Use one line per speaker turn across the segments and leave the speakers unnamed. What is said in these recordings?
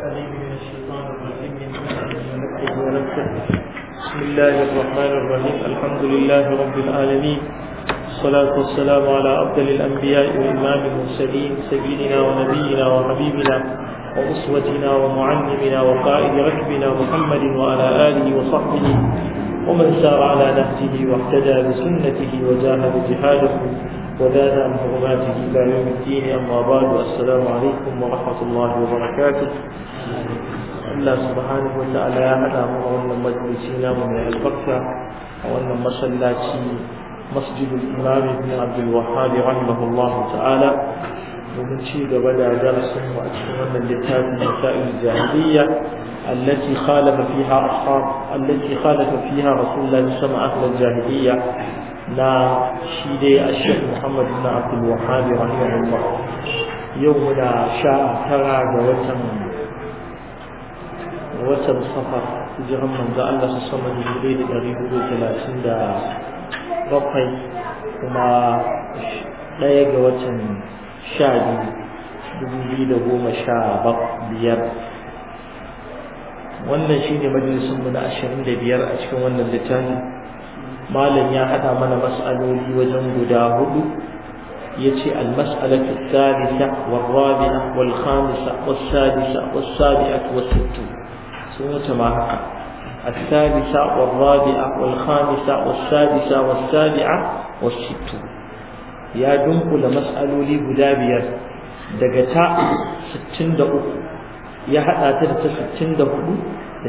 بسم الله الرحمن الرحيم الحمد لله رب العالمين
الصلاة والسلام على أفضل الأنبياء وإمام المرسلين سيدنا ونبينا وحبيبنا وأسوتنا ومعلمنا وقائد ركبنا محمد وعلى آله وصحبه ومن سار على نهجه واهتدى بسنته وجاهد جهاده ولنا محرمات الى يوم الدين اما بعد السلام عليكم ورحمه الله وبركاته الله سبحانه وتعالى على مرون مجلسنا من البركه وان مصلى مسجد الامام ابن عبد الوهاب رحمه الله تعالى ومن شيد بدا درس واتمنى لكتاب مسائل الجاهليه التي خالف فيها اصحاب التي خالف فيها رسول الله صلى الله عليه وسلم اهل الجاهليه na shi dai a shek Muhammadu na abdul wahabi rahimahullah yau muna sha tara ga watan watan safar hijiran manzo Allah su sama da dubu da ɗari hudu talatin da bakwai kuma ɗaya ga watan sha biyu dubu biyu da goma sha biyar wannan shi ne majalisinmu na ashirin da biyar a cikin wannan littafin malam ya haɗa mana mas'aloli wajen guda hudu yace al-mas'alatu ath-thalitha wa ar-rabi'a wa al-khamisa wa as-sadisa wa as-sabi'atu wa haka ath-thalitha wa ar wa al-khamisa wa as-sadisa ya dunkula mas'aloli guda biyar daga ta 63 ya haɗa ta da ta 64 da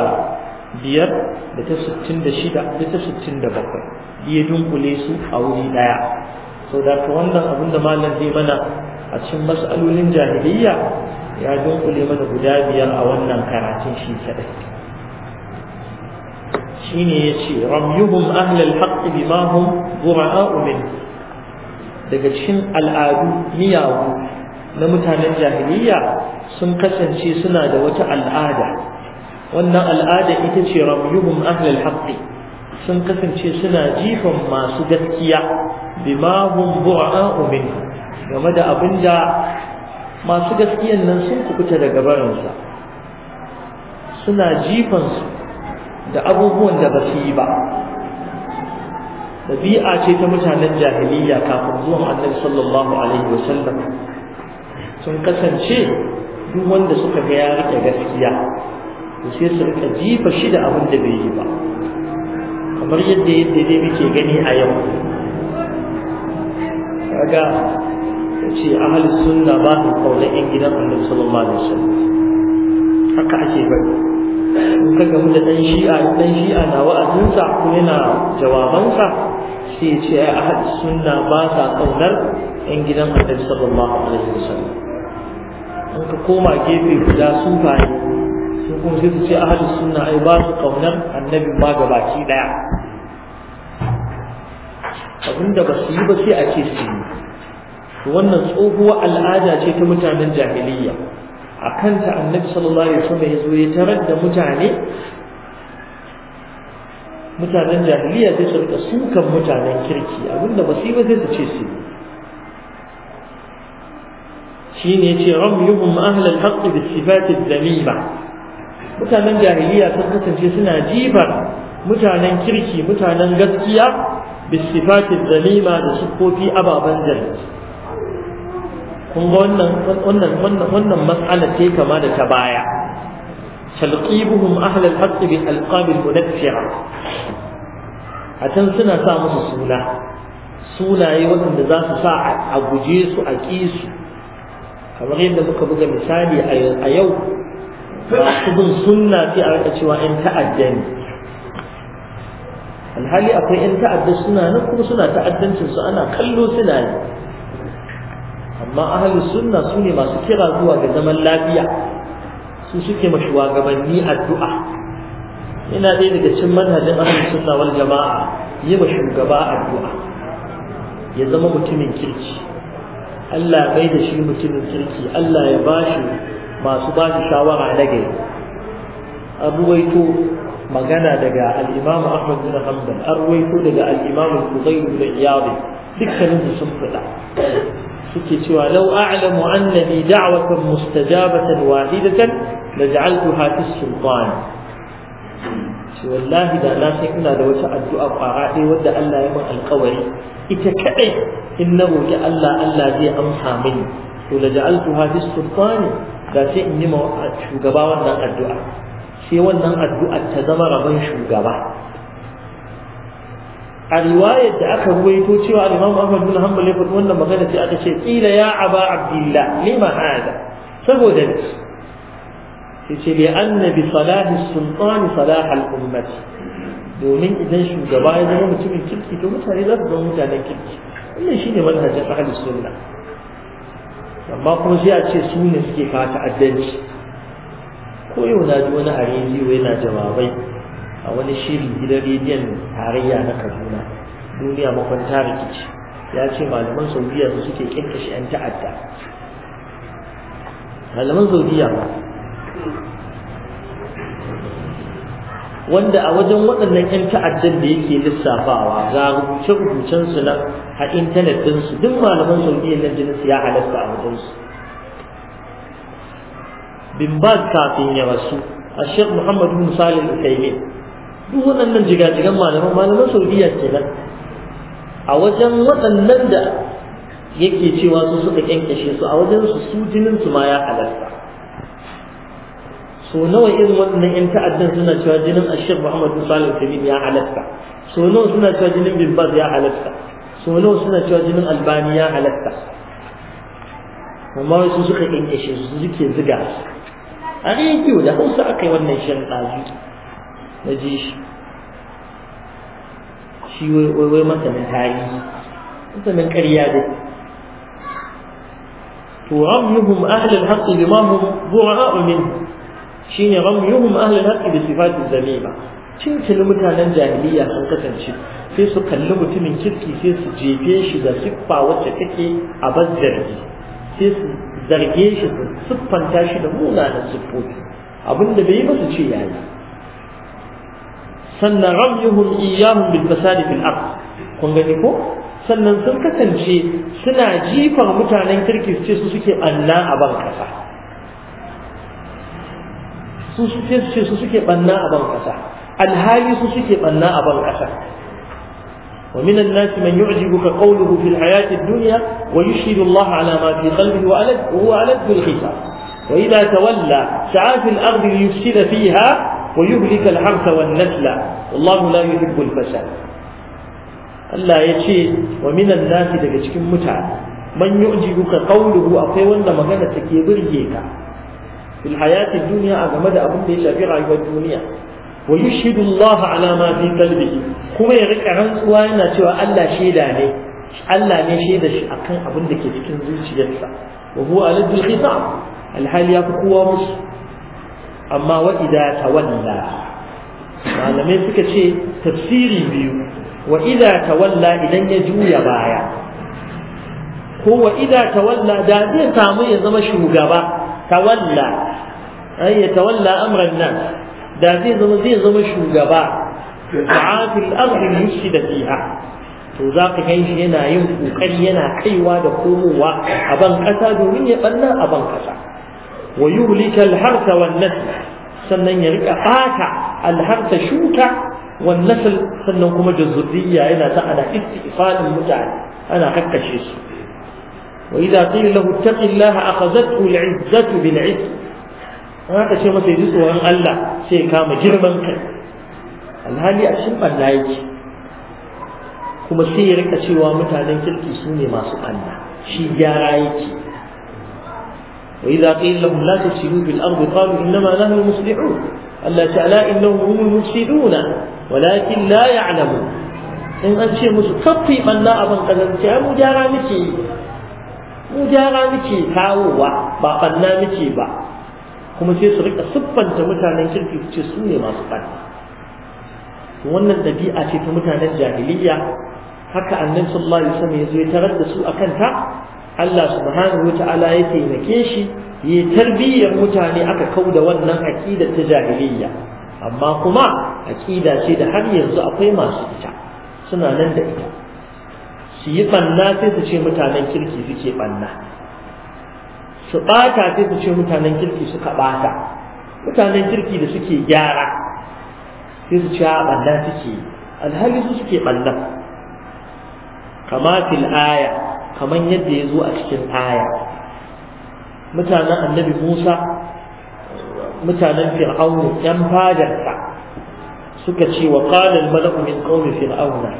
ta biyar da ta sittin da shida da ta sittin da bakwai biye dunkule su a wuri ɗaya sau da ka wannan abin da malam zai mana a cikin matsalolin jahiliyya ya dunkule mana guda biyar a wannan karatun shi kaɗai shi ne ya ce ramyuhum ahlal haqqi bima hum bura'a'u min daga cikin al'adu miyawu na mutanen jahiliyya sun kasance suna da wata al'ada wannan al'ada ita ce ramyuhum ahlul haqqi sun kasance suna jifan masu gaskiya bima hum bu'a'u min game da abinda masu gaskiyan nan sun kukuta daga barinsa suna jifan su da abubuwan da ba su yi ba dabi'a ce ta mutanen jahiliya kafin zuwan annabi sallallahu alaihi wasallam sun kasance duk wanda suka ga ya rike gaskiya da sai su rika jifa shi da abin da bai yi ba kamar yadda yadda dai muke gani a yau kaga ce ahal sunna ba su kaunar yan gidan annabi sallallahu alaihi wasallam haka ake bari in ka gamu da ɗan shi'a ɗan shi'a na wa'azinsa ko yana jawabansa sai ya ce ai ahli sunna ba sa kaunar yan gidan annabi sallallahu alaihi wasallam in ka koma gefe guda ne su kuma sai su ce ahlus sunna ai ba su kaunar annabin ma gabaki daya abinda ba su yi ba sai a ce su
yi
wannan tsohuwar al'ada ce ta mutanen jahiliya. a kanta annabi sallallahu alaihi wasallam ya zo ya tarar da mutane mutanen jahiliya sai su rika sukan mutanen kirki abinda ba su yi ba sai su ce su yi shine yace ramyuhum ahlal haqq bis sifati dhamima mutanen jahiliya sun kasance suna jifar mutanen kirki mutanen gaskiya bisifatin zalima da sukofi ababen zargi kun ga wannan wannan wannan wannan mas'ala ce kama da ta baya talqibuhum ahl al-haqq bi alqab al-munaffira a can suna sa musu suna sunaye waɗanda za su sa a guje su a ƙisu. kamar yadda muka buga misali a yau masu bin sunna sai a rika cewa in ta'adda ne alhali akwai in ta'adda suna nan kuma suna ta'addancin su ana kallo suna amma ahli sunna su ne masu kira zuwa ga zaman lafiya su suke ma shugabanni addu'a ina ɗaya daga cikin manhajin ahli sunna wal jama'a yi ma shugaba addu'a ya zama mutumin kirki Allah bai da shi mutumin kirki Allah ya bashi masu ba shi shawara na gari an ruwaito magana daga al-Imam ahmad bin hanbal an ruwaito daga al'imamu bin Iyad iyali su sun fada suke cewa law a'lamu annani da'watan mustajabatan wahidatan laj'altuha fi sultan shi wallahi da na sai ina da wata addu'a kwara ɗaya wadda Allah ya min alƙawari ita kadai innahu ya Allah Allah zai amsa mini to laj'altuha fi sultan da sai in yi shugaba wannan addu'a sai wannan addu'a ta zama rabon shugaba a riwayar da aka ruwaito cewa Imam Ahmad bin Hanbal ya faɗi wannan magana sai aka ce qila ya aba Abdullah lima hada saboda sai ce bi anna bi salahi sultani salah al ummati domin idan shugaba ya zama mutumin kirki to mutane za su zama mutanen kirki wannan shine manhajin ahlus sunna amma kuma sai a ce su ne suke fata addanci ko yau na ji wani a rediyo yana jawabai a wani shiri gidan rediyon tarayya na kaduna duniya makwanta rikici ya ce malaman saudiya su suke kirkashi 'yan ta'adda malaman saudiya ba wanda a wajen waɗannan 'yan ta'addan da yake lissafawa ga rubuce-rubucen su na a intanet ɗinsu duk malaman saudiyyar nan jinin su ya halatta a wajen su bin ba kafin ya rasu a shek muhammadu musali al duk waɗannan jigajigan malaman malaman saudiya nan a wajen waɗannan da yake cewa su suka kyankyashe su a wajen su su jinin su ma ya halatta so nawa irin waɗannan 'yan ta'addan suna cewa jinin ashir muhammadu salim kabir ya halatta so nawa suna cewa jinin bin baz ya halatta so nawa suna cewa jinin albani ya halatta amma wasu suka ƙyanƙyashe su suke ziga su a rediyo da hausa aka yi wannan shirin ɗazu na ji shi shi wai wai masanin tarihi masanin ƙarya da to rabbuhum ahlul haqqi bima hum bura'u minhu ne shine ramyuhum ahlul haqqi bi sifatin zamima cincin mutanen jahiliya sun kasance sai su kalli mutumin kirki sai su jefe shi da siffa wacce take a bazzargi sai su zarge shi su siffanta shi da munanan siffofi da bai yi ba su ce ya yi. sannan ramyuhum iyyahum bil fasadi fil ard kun gani ko sannan sun kasance suna jifar mutanen kirki su ce su suke anna a ban kasa su suke ce su suke banna a ban kasa alhali su suke banna a ban kasa ومن الناس من يعجبك قوله في الحياة الدنيا ويشهد الله على ما في قلبه وهو ألد الختام وإذا تولى سعى في الأرض ليفسد فيها ويهلك الحرث والنسل والله لا يحب الفساد Allah ya ce wa minan nasi daga cikin mutane man yu'jibuka qawluhu akwai wanda magana take burge ka fil hayati dunya a game da abin da ya shafi rayuwar duniya wa yushhidu Allah ala fi qalbihi kuma ya rika rantsuwa yana cewa Allah shaida ne Allah ne shaida shi akan abin da ke cikin zuciyarsa wa huwa aladul alhali ya fi amma malamai suka ce tafsiri biyu wa idza tawalla idan ya juya baya ko wa idza tawalla da zai samu ya zama shugaba tawalla ai ya tawalla amran nas da zai zama zai zama shugaba ma'afil ardi yushida fiha to za ka gan shi yana yin kokari yana kaiwa da komowa a ban kasa domin ya banna a ban kasa wa yuhlika al-harsa wan nasl sannan ya rika bata al-harsa shuka wan nasl sannan kuma da zurriya yana ta ana istifalin mutane ana hakkashe su وإذا قيل له اتق الله أخذته العزة بالعزة haka ce masa yi tsoron Allah sai kama girman kai alhali a cikin ɓanna yake kuma sai ya rika cewa mutanen kirki su ne masu ɓanna shi gyara yake wa idza qila lahum la tusidu bil ardi qalu innama nahnu muslihun Allah ta'ala innahum humul mufsiduna walakin la ya'lamun in an ce musu kafi ɓanna a ban mu gyara muke mu gyara muke kawowa ba banna muke ba kuma sai su rika siffanta mutanen kirki su ce su ne masu ɓanna wannan ɗabi'a ce ta mutanen jahiliya haka annan sallallahu alaihi wasallam ya zo ya tarar da su akan ta Allah subhanahu wata'ala ya taimake shi ya tarbiyyar mutane aka kau da wannan aqida ta jahiliya amma kuma aqida ce da har yanzu akwai masu ita suna nan da ita su yi ɓanna sai su ce mutanen kirki suke ɓanna su ɓata sai su ce mutanen kirki suka ɓata mutanen kirki da suke gyara sai su ce a ɓanna suke alhali su suke ɓanna kama fil aya kamar yadda ya zo a cikin aya mutanen annabi musa mutanen fir'aunu yan fadarsa suka ce wa qala al-mala'u min qaumi fir'auna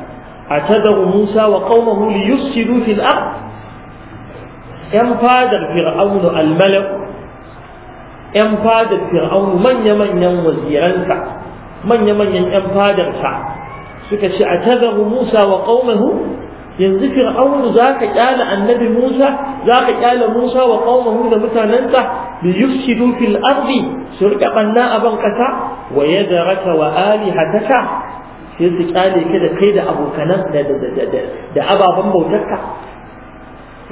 أتدعو موسى وقومه ليفسدوا في الأرض ‘yan fadar fir'aunu almalaku ‘yan fadar fir'aunu manya-manyan waziransa manya-manyan ‘yan fadarsa suka a musa wa ƙaunahu yanzu fir'aunu za ka ƙyala annabi musa za ka ƙyala musa wa ƙaunahu da mutanensa
da yufsidu fil
ardi su riƙa ɓanna a ban ƙasa wa yadaraka wa alihataka sai su kyale ka da kai da abokanan da ababen bautarka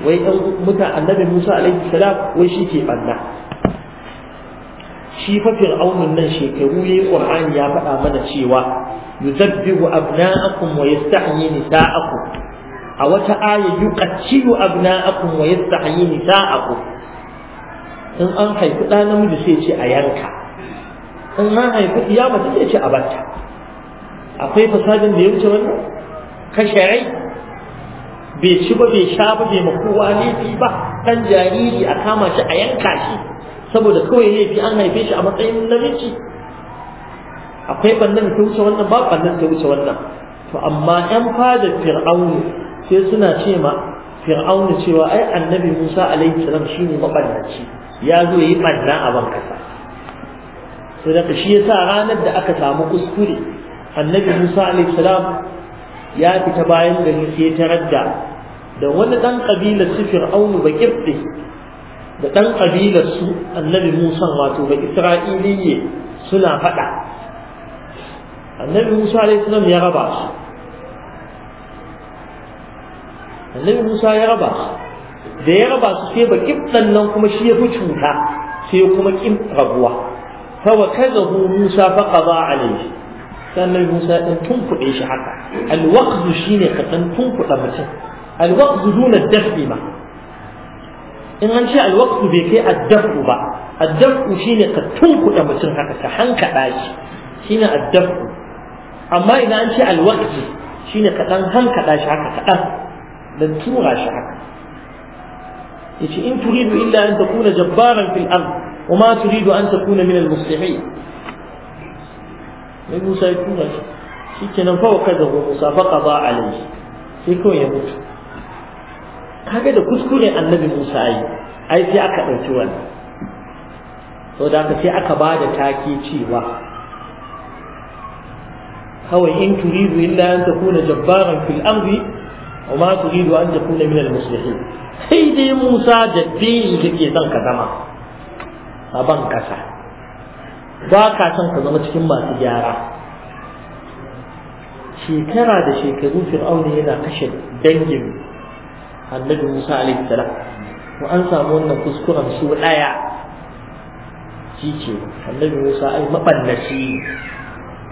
wai ɗan muta annabi musa alaihi salam wai shi ke ɓanna shi fa fir'aunun nan shekaru yayi qur'ani ya faɗa mana cewa yuzabbihu abna'akum wa yastahyi nisa'akum a wata aya yuqatilu abna'akum wa yastahyi nisa'akum in an haifi ɗa namiji sai ce a yanka in an haifi iya mace sai ce a banta akwai fasadin da ya wuce wannan kashe rai bai ci ba bai sha ba bai makowa laifi ba dan jariri a kama shi a yanka shi saboda kawai laifi an haife shi a matsayin namiji akwai bannan ta wuce wannan ba bannan ta wuce wannan to amma yan fada fir'aunu sai suna ce ma fir'aunu cewa ai annabi musa alaihi salam shine mabannaci ya zo yi banna a ban kasa sai da shi yasa ranar da aka samu kuskure annabi Musa alaihi salam ya fita bayan gari sai ta radda da wani dan kabilar su Fir'aunu bakir din da dan kabilar su annabi Musa wato ba Isra'iliye suna fada annabi Musa alaihi salam ya raba su annabi Musa ya raba su da ya raba su sai bakir nan kuma shi ya fi cuta sai kuma kin rabuwa fa wa kazahu Musa fa qada alaihi sannan Musa ya tunkuɗe shi haka alwaqzu shine ka dan tunkuɗa mutum alwaqzu duna dafi ma in an ce alwaqzu bai kai addafu ba addafu shine ka tunkuɗa mutum haka ka hankaɗa shi shine addafu amma idan an ce alwaqzu shine ka dan hankaɗa shi haka kaɗan dan tura shi haka yace in turidu illa an takuna jabbaran fil ard وما تريد أن تكون من المصلحين sai Musa ya tura shi nan fa kaza go Musa fa qada alai sai kawai ya mutu kaga da kuskure annabi Musa ai ai sai aka dauki wannan to da aka sai aka bada take cewa kawai in turidu illa an takuna jabbaran fil ardi wa ma turidu an takuna min al muslihin sai dai Musa jabbi yake son ka zama a ban kasa ba ka son ka zama cikin masu gyara shekara da shekaru fir'auna yana kashe dangin annabi musa alaihi salam ko an samu wannan kuskuren su daya shi ce annabi musa ai mabannaci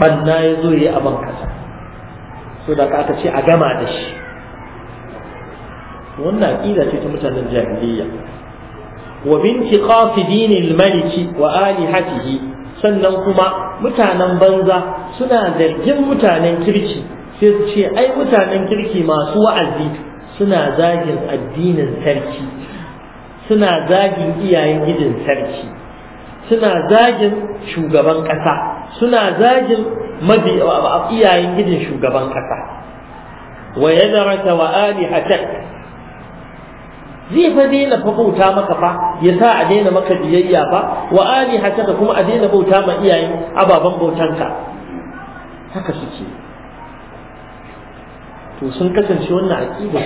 banna ya zo yi a bankasa so da aka ce a gama da shi wannan aƙida ce ta mutanen jahiliya wa binti qasidin al-maliki wa alihatihi sannan kuma mutanen banza suna zargin mutanen kirki sai su ce ai mutanen kirki masu wa'azi suna zagin addinin sarki suna zagin iyayen gidin sarki suna zagin shugaban ƙasa suna zagin iyayen gidin shugaban ƙasa wa yadaraka wa zai fa daina fa bauta maka fa ya sa a daina maka biyayya fa wa ali hataka kuma a daina bauta ma iyaye ababen bautanka haka suke to sun kasance wannan aqida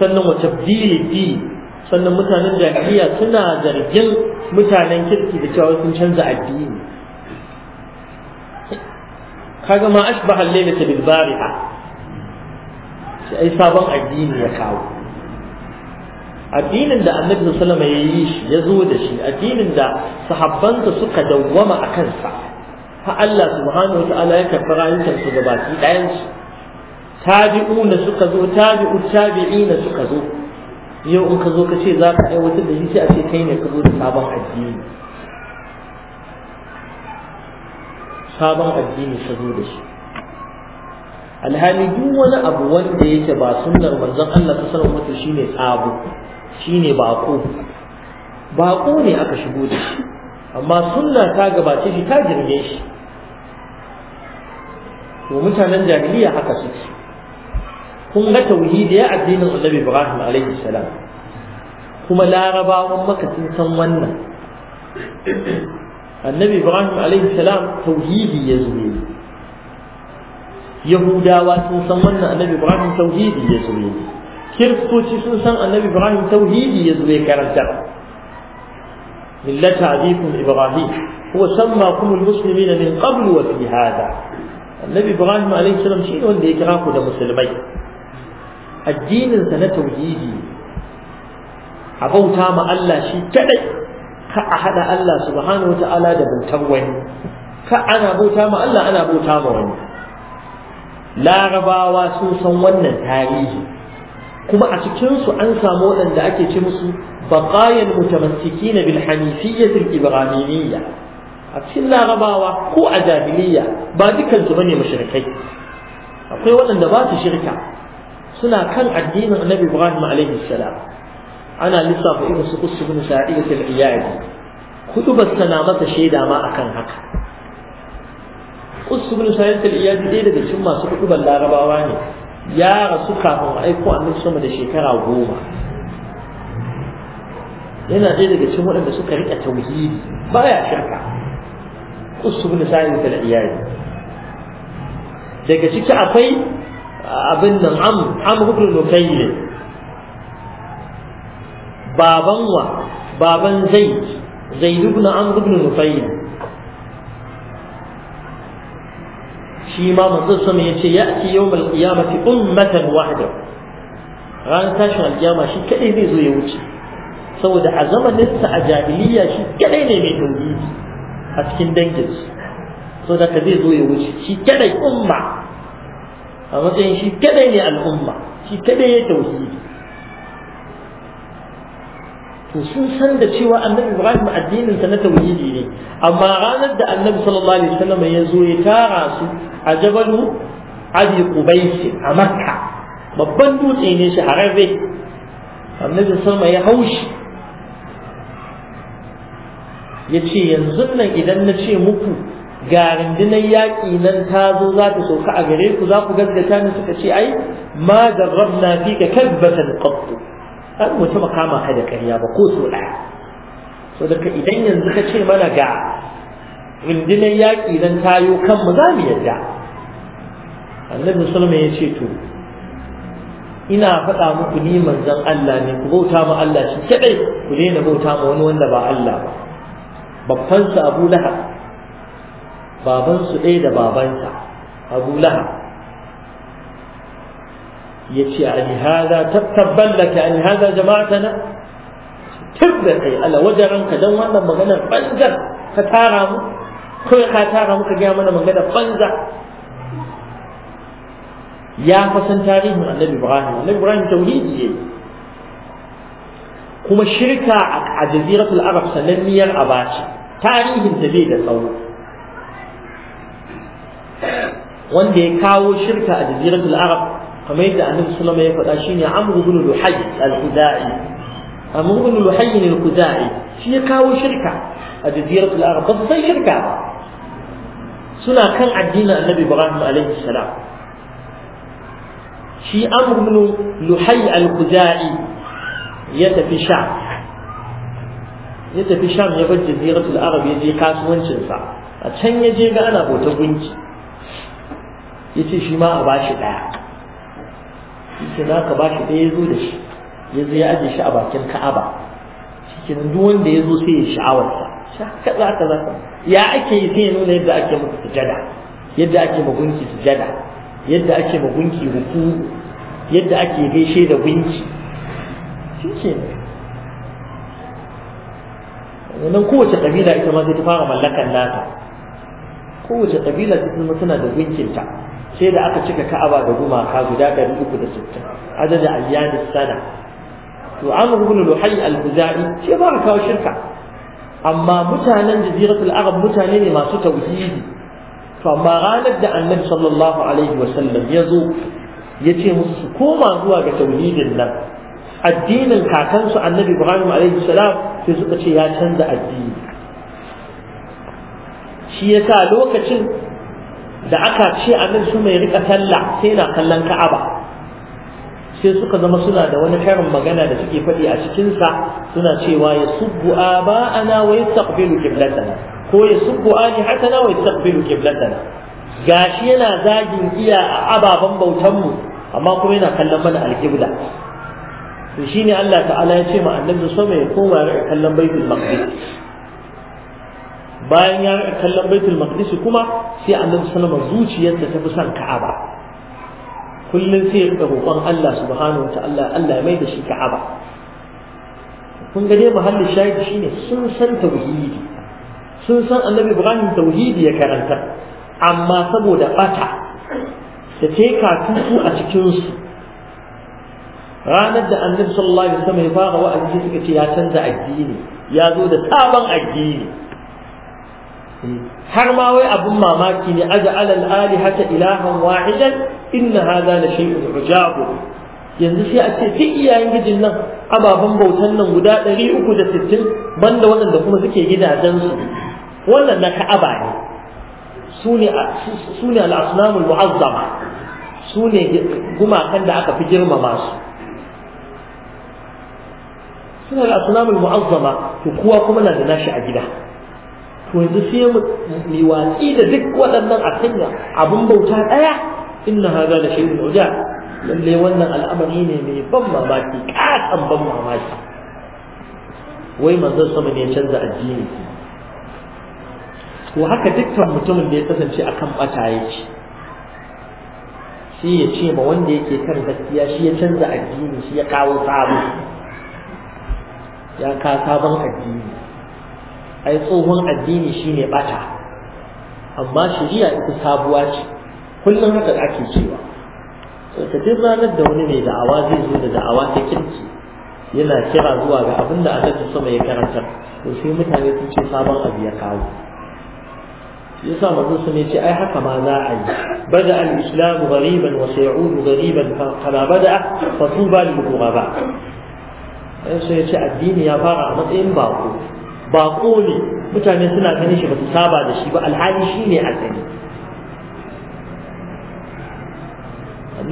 sannan wa tabdili di sannan mutanen jahiliya suna zargin mutanen kirki da cewa sun canza addini kaga ma ashbaha al-lailata bil bariha sai ai sabon addini ya kawo addinin da annabi sallama ya yi shi ya zo da shi addinin da sahabbansa suka dawwama a kansa fa Allah subhanahu wa ta'ala ya karɓi rayukan su gabaki ɗayan su tabi'una suka zo tabi'u tabi'ina suka zo yau in ka zo ka ce za ka aiwatar da shi sai a ce kai ne ka zo da sabon addini sabon addini ka zo da shi alhali duk wani abu wanda yake ba sunnar manzon Allah ta sanar mutu shine tsabo Shi ne baƙo. Baƙo ne aka shigo da shi amma sunna ta gabace shi ta girme shi to mutanen jahiliya haka suke kun ga tauhidi ya addinin annabi ibrahim alaihi salam kuma larabawan maka sun san wannan annabi ibrahim alaihi salam tauhidi ya zube. yahudawa sun san wannan annabi ibrahim tauhidi ya zube. ne kiristoci sun san annabi ibrahim tauhidi ya zo ya karanta millata abikum ibrahim huwa sammakum almuslimin min qabl wa fi hada annabi ibrahim alayhi salam shi ne wanda ya kira ku da musulmai addinin sa na tauhidi a bauta ma Allah shi kadai ka a hada Allah subhanahu Ta'ala da bautar wani ka ana bauta ma Allah ana bauta ma wani larabawa sun san wannan tarihi kuma a cikinsu an samu waɗanda ake ce musu baqayan mutamassikina na hanifiyyah ibrahimiyya a cikin larabawa ko a jahiliyya ba dukansu su bane mushrikai akwai waɗanda ba su shirka suna kan addinin annabi ibrahim alaihi salam ana lissafa irin su kusu bin sa'id al ba sana masa shaida ma akan haka kusu bin sa'id al daga cikin masu hudu larabawa ne ya rasu kafin aiko annabi sama da shekara goma yana ɗaya daga cikin waɗanda suka riƙa tauhidi baya shirka usu bin sa'in da iyali daga ciki akwai abin nan am am ibn ne. baban wa baban zaid zaid ibn amr ibn nufayl shi ma manzon sama yace ya'ti yawmal qiyamati ummatan wahda ran tashin alkiyama shi kadai zai zo ya wuce saboda a zamaninsa a jahiliya shi kadai ne mai tauhidi a cikin danginsu saboda ka zai zo ya wuce shi kadai umma a matsayin shi kadai ne al'umma shi kadai ya tauhidi to sun san da cewa annabi ibrahim addininsa na tauhidi ne amma ranar da annabi sallallahu alaihi wasallam ya zo ya tara su a jabalu abi qubaisi a makka babban dutse ne shahararre annabi sama ya haushi ya ce yanzu nan idan na ce muku ga rundunar yaƙi nan ta zo za ta sauka a gare ku za ku gaggata ni suka ce ai ma garrabna fi ka kadbatan qattu an mutum kama ka da ƙarya ba ko so ɗaya so daga idan yanzu ka ce mana ga rundunar yaƙi don tayo kanmu za mu yadda annabi sulma ya ce to ina faɗa muku ni manzon Allah ne ku bauta mu Allah shi kadai ku daina bauta mu wani wanda ba Allah ba babban sa Abu Lahab baban su ɗaya da babansa Abu Lahab yace ali hada tattabban laka an hada jama'atana tabda kai ala wajaranka dan wannan maganar bangar ka tara mu kawai ka tara muka gaya mana magana banza ya fasan tarihin annabi ibrahim annabi ibrahim tauhidi ne kuma shirka a jaziratul arab sananniyar abaci tarihin ta bai da tsawo wanda ya kawo shirka a jaziratul arab kamar yadda annabi sallama ya faɗa shine amr ibn luhay al-khuzai amr ibn luhay al-khuzai shi ya kawo shirka a jaziratul arab ba su san shirka ba suna kan addinin annabi ibrahim alaihi salam shi amr ibn luhay al-khuzai ya tafi sha. ya tafi sha ya bar jaziratul arab ya je kasuwancin sa a can ya je ga ana bauta gunki ya ce shi ma a bashi ɗaya shi ke za ka bashi ɗaya ya zo da shi ya zo ya aje shi a bakin ka'aba shi ke duk wanda ya zo sai ya sha'awarsa kaza kaza ya ake yi sai nuna yadda ake musu sujada yadda ake ma gunki sujada yadda ake ma gunki ruku yadda ake gaishe da gunki shi Wannan kowace kabila ita ma sai ta fara mallakan nata kowace kabila ta zama tana da gunkinta sai da aka cika ka'aba da gumaka guda ɗari uku da sittin adadin ayyanis sana to amr ibn luhay al-huzai sai ba ka kawo shirka amma mutanen jaziratul arab mutane ne masu tauhidi to amma ranar da annabi sallallahu alaihi ya zo ya ce musu su koma zuwa ga tauhidin nan addinin kakansu annabi ibrahim alaihi salam sai suka ce ya canza addini shi yasa lokacin da aka ce annabi su mai rika sallah sai na kallon ka'aba sai suka zama suna da wani karin magana da suke faɗi a cikinsa suna cewa ya subbu aba'ana wa yastaqbilu qiblatana ko ya subbu alihatana wa yastaqbilu qiblatana gashi yana zagin iya a ababen bautanmu, amma kuma yana kallon mana alqibla to ne Allah ta'ala ya ce ma annabi sama ya koma ya kallon baitul maqdis bayan ya kallon baitul maqdis kuma sai annabi sallama zuciyarsa ta fi son ka'aba kullum sai ya rika roƙon Allah subhanahu wata'ala Allah ya mai da shi ka'aba kun ga muhallin mahallin shahidi shine sun san tauhidi sun san annabi Ibrahim tauhidi ya karanta amma saboda bata da teka tutu a cikinsu ranar da annabi sallallahu alaihi wasallam ya fara wa'azi suka ce ya canza addini ya zo da sabon addini eh, har ma wai abun mamaki ne aja alal alihata ilahan wahidan inna hadha la shay'un ujab yanzu sai a ce duk iyayen gijin nan ababen bautan nan guda ɗari uku da 360 banda waɗanda kuma suke gidajen su wannan na ka'aba ne sune sune al-asnamul mu'azzama sune gumakan da aka fi girmama su suna da asnamul mu'azzama to kowa kuma na da nashi a gida to yanzu sai mu watsi da duk waɗannan a sanya abin bauta ɗaya inna hadha la shay'un uja lalle wannan al'amari ne mai ban mamaki kasan ban mamaki wai manzon sama ne canza addini Ko haka dukkan mutumin da ya kasance akan bata yake shi ya ce ma wanda yake kan gaskiya shi ya canza addini shi ya kawo sabo ya ka sabon addini ai tsohon addini shine bata amma shari'a ita sabuwa ce kullum haka ake cewa ta duk ranar da wani mai da'awa zai zo da da'awa ta kirki yana kira zuwa ga abin da annabi sama ya karanta to sai mutane sun ce sabon abu ya kawo yasa manzo sun ce ai haka ma za a yi bada al-islam ghariban wa sayudu ghariban kama bada fa ba lil ghuraba ba. sai ya ce addini ya fara a matsayin bako bako ne mutane suna ganin shi ba su saba da shi ba alhali shine asali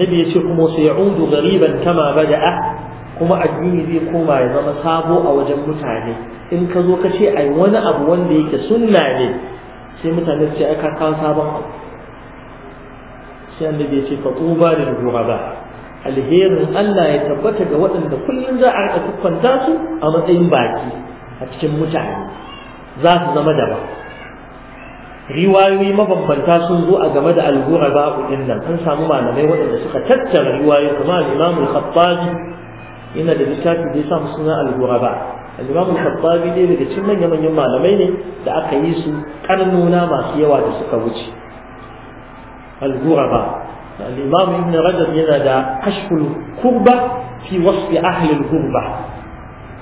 annabi ya ce kuma sai ya udu gariban kama 'a, kuma addini zai koma ya zama sabo a wajen mutane in ka zo ka ce ai wani abu wanda yake sunna ne sai mutane su ce ka kawo sabon abu sai annabi ya ce fa tuba lil ghuraba alherin Allah ya tabbata ga waɗanda kullum za a rika kukkanta su a matsayin baki a cikin mutane za su zama daban riwayoyi mabambanta sun zo a game da al-gura ba ku din nan an samu malamai waɗanda suka tattara riwayoyi kuma al-Imam al-Khattabi yana da littafi da ya samu suna al-gura ba al-Imam al-Khattabi dai daga cikin manyan manyan malamai ne da aka yi su karnuna masu yawa da suka wuce al-gura ba al-Imam Ibn Rajab yana da kashful kurba fi wasfi ahli al-gurba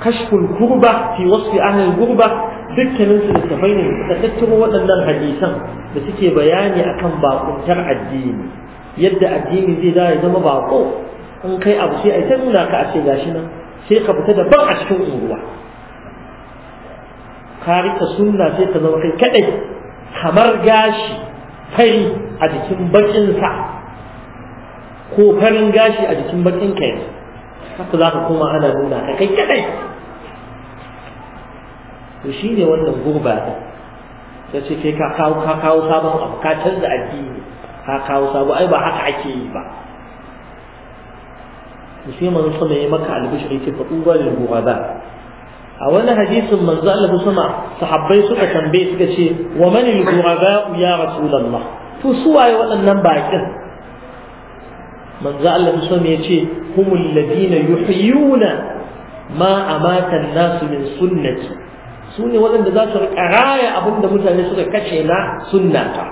kashful kurba fi wasfi ahli al-gurba dukkanin su littafai ne da tattaro waɗannan hadisan da suke bayani akan bakuntar addini yadda addini zai da ya zama bako in kai abu sai a ta nuna ka a ce gashi nan sai ka fita daban a cikin unguwa ka rika sunna sai ka zama kai kadai kamar gashi fari a jikin bakinsa ko farin gashi a jikin bakin kai haka za ka koma ana nuna ka kai kadai to shi ne wannan gurba ta ta ce ka kawo ka kawo sabon abu ka canza addini ka kawo sabo ai ba haka ake yi ba to sai manzo sama ya maka albishir yake fa tuba lil ghuraba a wani hadisin manzo Allah sama sahabbai suka tambaye suka ce wa man al ghuraba ya rasulullah to su waye waɗannan bakin manzo Allah sama ya ce humul ladina yuhyuna ma amata an-nas min sunnati su ne waɗanda za su karaya abin da mutane suka kashe na sunna ta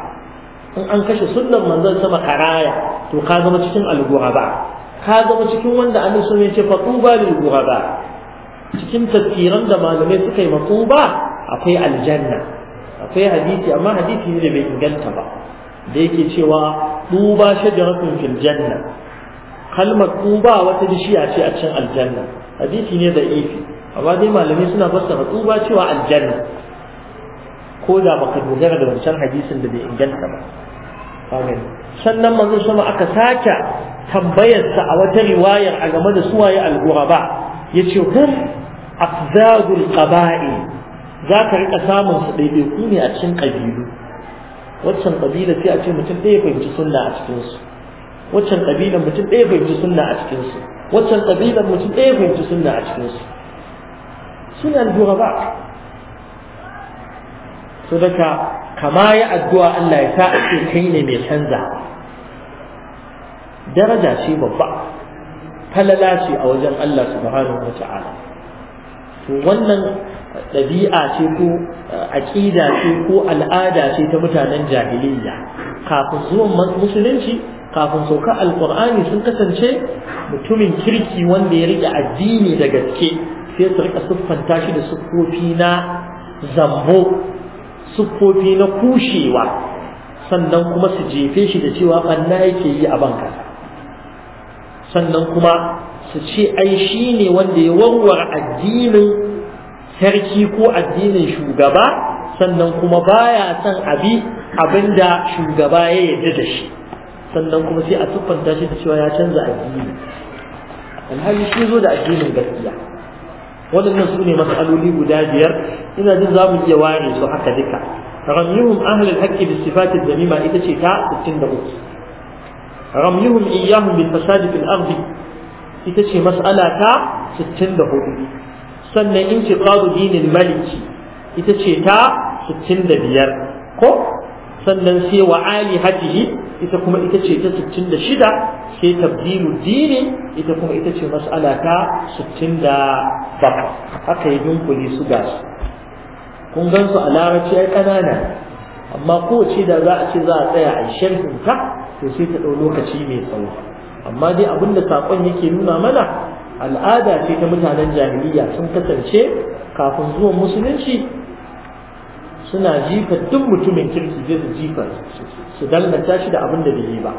in an kashe sunnan manzon sama karaya to ka zama cikin ba. ka zama cikin wanda annabi sun ce fa tuba lil ba. cikin tafsiran da malamai suka yi maquba akwai aljanna akwai hadisi amma hadisi ne da bai inganta ba da yake cewa tuba shajaratun fil janna kalmar tuba wata bishiya ce a cikin aljanna hadisi ne da ifi amma dai malamai suna fassara tuba cewa aljanna ko da baka dogara da wancan hadisin da bai inganta ba amin sannan manzon sama aka sake tambayarsa a wata riwayar a game da suwaye al-ghuraba yace hum afzadul qaba'i za ka rika samun su daidaiku ne a cikin kabilu waccan kabila sai a ce mutum ɗaya fahimci sunna a cikinsu waccan kabilan mutum ɗaya fahimci sunna a cikinsu waccan kabilan mutum ɗaya fahimci sunna a cikinsu Suna ne al-ghuraba daga kama ya addu'a Allah ya sa kai ne mai canza daraja ce babba falala ce a wajen Allah subhanahu wa ta'ala to wannan ɗabi'a ce ko eh, aƙida ce ko al'ada ce ta mutanen jahiliya, kafin zuwan musulunci kafin sauka alƙur'ani sun kasance mutumin kirki wanda ya riƙe addini da gaske sai su rika siffanta shi da siffofi na zambo siffofi na kushewa sannan kuma su jefe shi da cewa banna yake yi a banka sannan kuma su ce ai shi ne wanda ya warware addinin sarki ko addinin shugaba sannan kuma baya son abi abinda shugaba ya yarda da shi sannan kuma sai a siffanta shi da cewa ya canza addini alhali shi zo da addinin gaskiya waɗannan su ne mas'aloli guda biyar ina jin za mu iya ware su haka duka ramyuhum ahlul haqqi bis sifati dhamima ita ce ta 63 ramyuhum iyyahum bil fasadi fil ardi ita ce mas'ala ta 64 sannan intiqadu dinil maliki ita ce ta 65 ko sannan sai wa ali hatihi ita kuma ita ce ta 66 sai tabdilu dini ita kuma ita ce mas'ala ta 67 haka yi dunkule su ga su kun gan su a larabci ai kanana amma kowace da za a ce za a tsaya a sharhin ta to sai ta ɗau lokaci mai tsawo amma dai abin da saƙon yake nuna mana al'ada ce ta mutanen jahiliya sun kasance kafin zuwan musulunci suna jifa duk mutumin kirki zai su jifa su dallata shi da abin da bai yi ba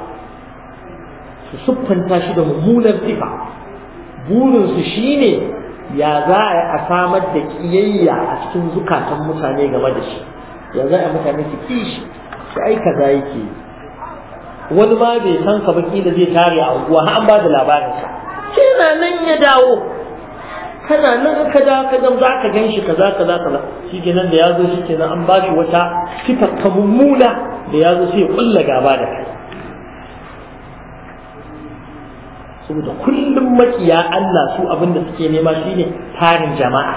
su siffanta shi da mummunar sifa burinsu shine ya za a samar da ƙiyayya a cikin zukatan mutane game da shi ya za a mutane su ƙi shi shi za kaza yake wani ma bai san ka ba kila zai tare a unguwa har an ba da labarinsa
kina nan ya
dawo kana nan ka da ka za ka gan shi kaza kaza kaza shi kenan da ya zo shi kenan an bashi wata sifar ta mummuna da ya zo sai ya kulla gaba da kai saboda kullum makiya Allah su abin da suke nema shine tarin jama'a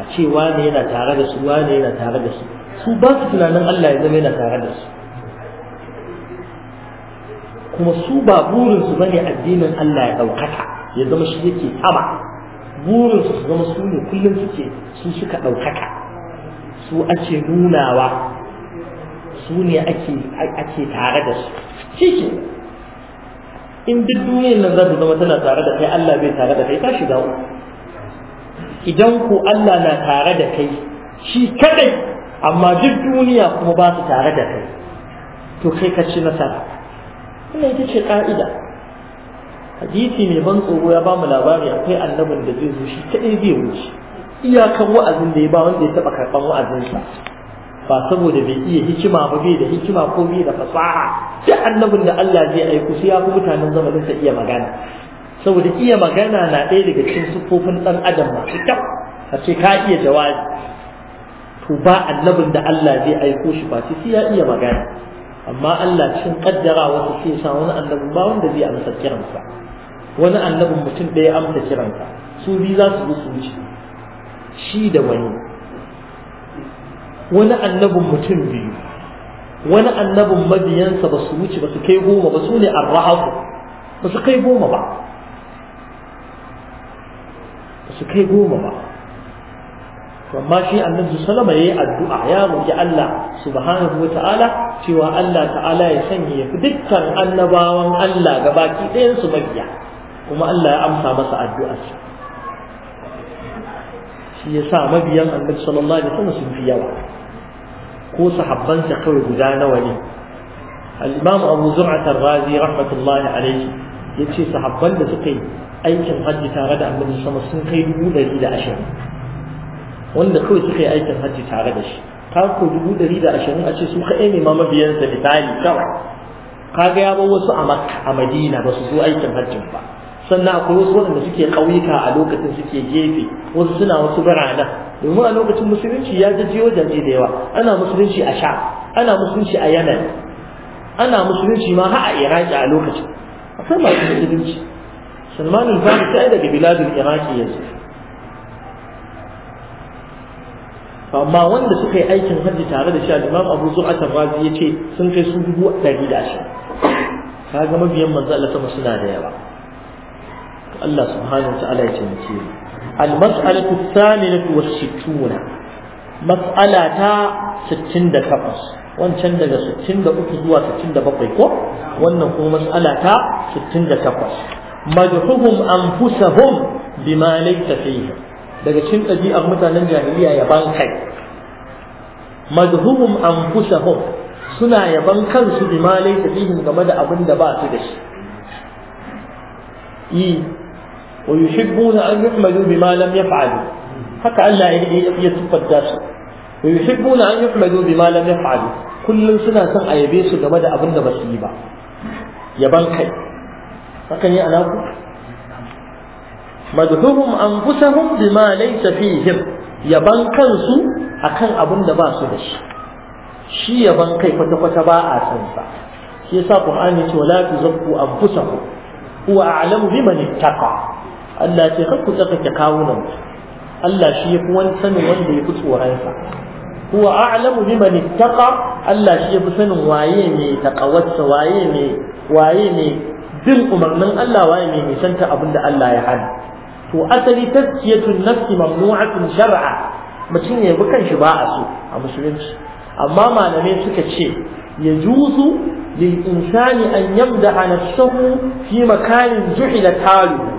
a ce wane yana tare da su wane yana tare da su su ba su tunanin Allah ya zama yana tare da su kuma su ba burinsu bane addinin Allah ya ɗaukaka ya zama shi yake tsama. Burinsu su zama su ne kullum suke su suka ɗaukaka su ake nunawa su ne ake tare da su shi in duk duniyar nan za ta zama tana tare da kai Allah bai tare da kai ta shiga uku idan ku Allah na tare da kai shi kadai amma duk duniya kuma ba su tare da kai to kai ka ci nasara wannan ita ce ka'ida hadisi mai ban tsoro ya ba mu labari akwai annabin da zai zo shi kadai zai wuce iyakar wa'azin da ya ba wanda ya taba karban wa'azinsa ba saboda bai iya hikima ba bai da hikima ko bai da fasaha duk annabin da Allah zai aiko su ya fi mutanen zamanin sa iya magana saboda iya magana na ɗaya daga cikin siffofin ɗan adam masu kyau a ce ka iya jawabi to ba annabin da Allah zai aiko shi ba sai ya iya magana amma Allah cikin kaddara wasu sai sa wani annabin ba wanda zai amsa kiransa wani annabin mutum ɗaya amsa kiranka su biyu za su su wuce shi da wani wani annabin mutum biyu wani annabin mabiyansa ba su wuce ba su kai goma ba su ne rahaku ba su kai goma ba ba su kai goma ba amma shi annabi ya yi addu'a ya roƙi Allah subhanahu wa ta'ala cewa Allah ta'ala ya sanya ya fi dukkan annabawan Allah gabaki ɗayan su mabiya kuma Allah ya amsa masa addu'a shi ya sa mabiyan annabi sallallahu alaihi wasallam sun fi yawa ko sahabban sahabbansa kawai guda nawa ne al-imam Abu Zur'at ar-Razi rahmatullahi alaihi yace sahabban da suka yi aikin hajji tare da annabi sama sun kai dubu ɗari da ashirin wanda kawai suka yi aikin hajji tare da shi ka ko dubu ɗari da ashirin a ce su kaɗai ne ma mabiyansa misali kawai ka ga ya bar wasu a Makka a Madina ba su zo aikin hajjin ba sannan akwai wasu waɗanda suke ƙauyuka a lokacin suke gefe wasu suna wasu birane domin a lokacin musulunci ya ji jiyo da yawa ana musulunci a sha ana musulunci a yanar ana musulunci ma har a iraki a lokacin akwai masu musulunci salman al-fahmi sai daga biladun iraki yanzu amma wanda suka yi aikin hajji tare da shi al-imam abu zu'a tarrazi ya ce sun kai su dubu ɗari da ashirin kaga mabiyan manzo Allah sama suna da yawa Allah subhanahu wa ta'ala ya taimake mu al na thaminatu was-sittuna mas'ala ta 68 wancan daga 63 zuwa 67 ko wannan kuma mas'ala ta 68 madhuhum anfusahum bima laysa fihi daga cikin ɗabi'ar mutanen jahiliya yaban kai madhuhum anfusahum suna yaban kansu bima laysa fihim game da abin da ba su da shi e, wa yuhibbuna an yuhmadu bima lam yaf'alu haka Allah ya tuffanta su wa yuhibbuna an yuhmadu bima lam yaf'alu kullum suna son a game da abin ba su yi ba yaban kai hakan yi alaku madhuhum anfusahum bima laysa fihim yaban kansu akan abin da ba su da shi shi yaban kai kwata kwata ba a yasa qur'ani ce wala Allah ce kar ku tsakake kawunan Allah shi ya fi wani sanin wanda ya fi tsoronsa huwa a'lamu liman ittaqa Allah shi ya fi sanin waye ne taqawarsa waye ne waye ne bin umarnin Allah waye ne santa abinda Allah ya hana to asali tazkiyatun nafsi mamnu'atun shar'a mutum ya bi shi ba a so a musulunci amma malamai suka ce ya juzu lil insani an yamdaha nafsahu fi makanin juhila talu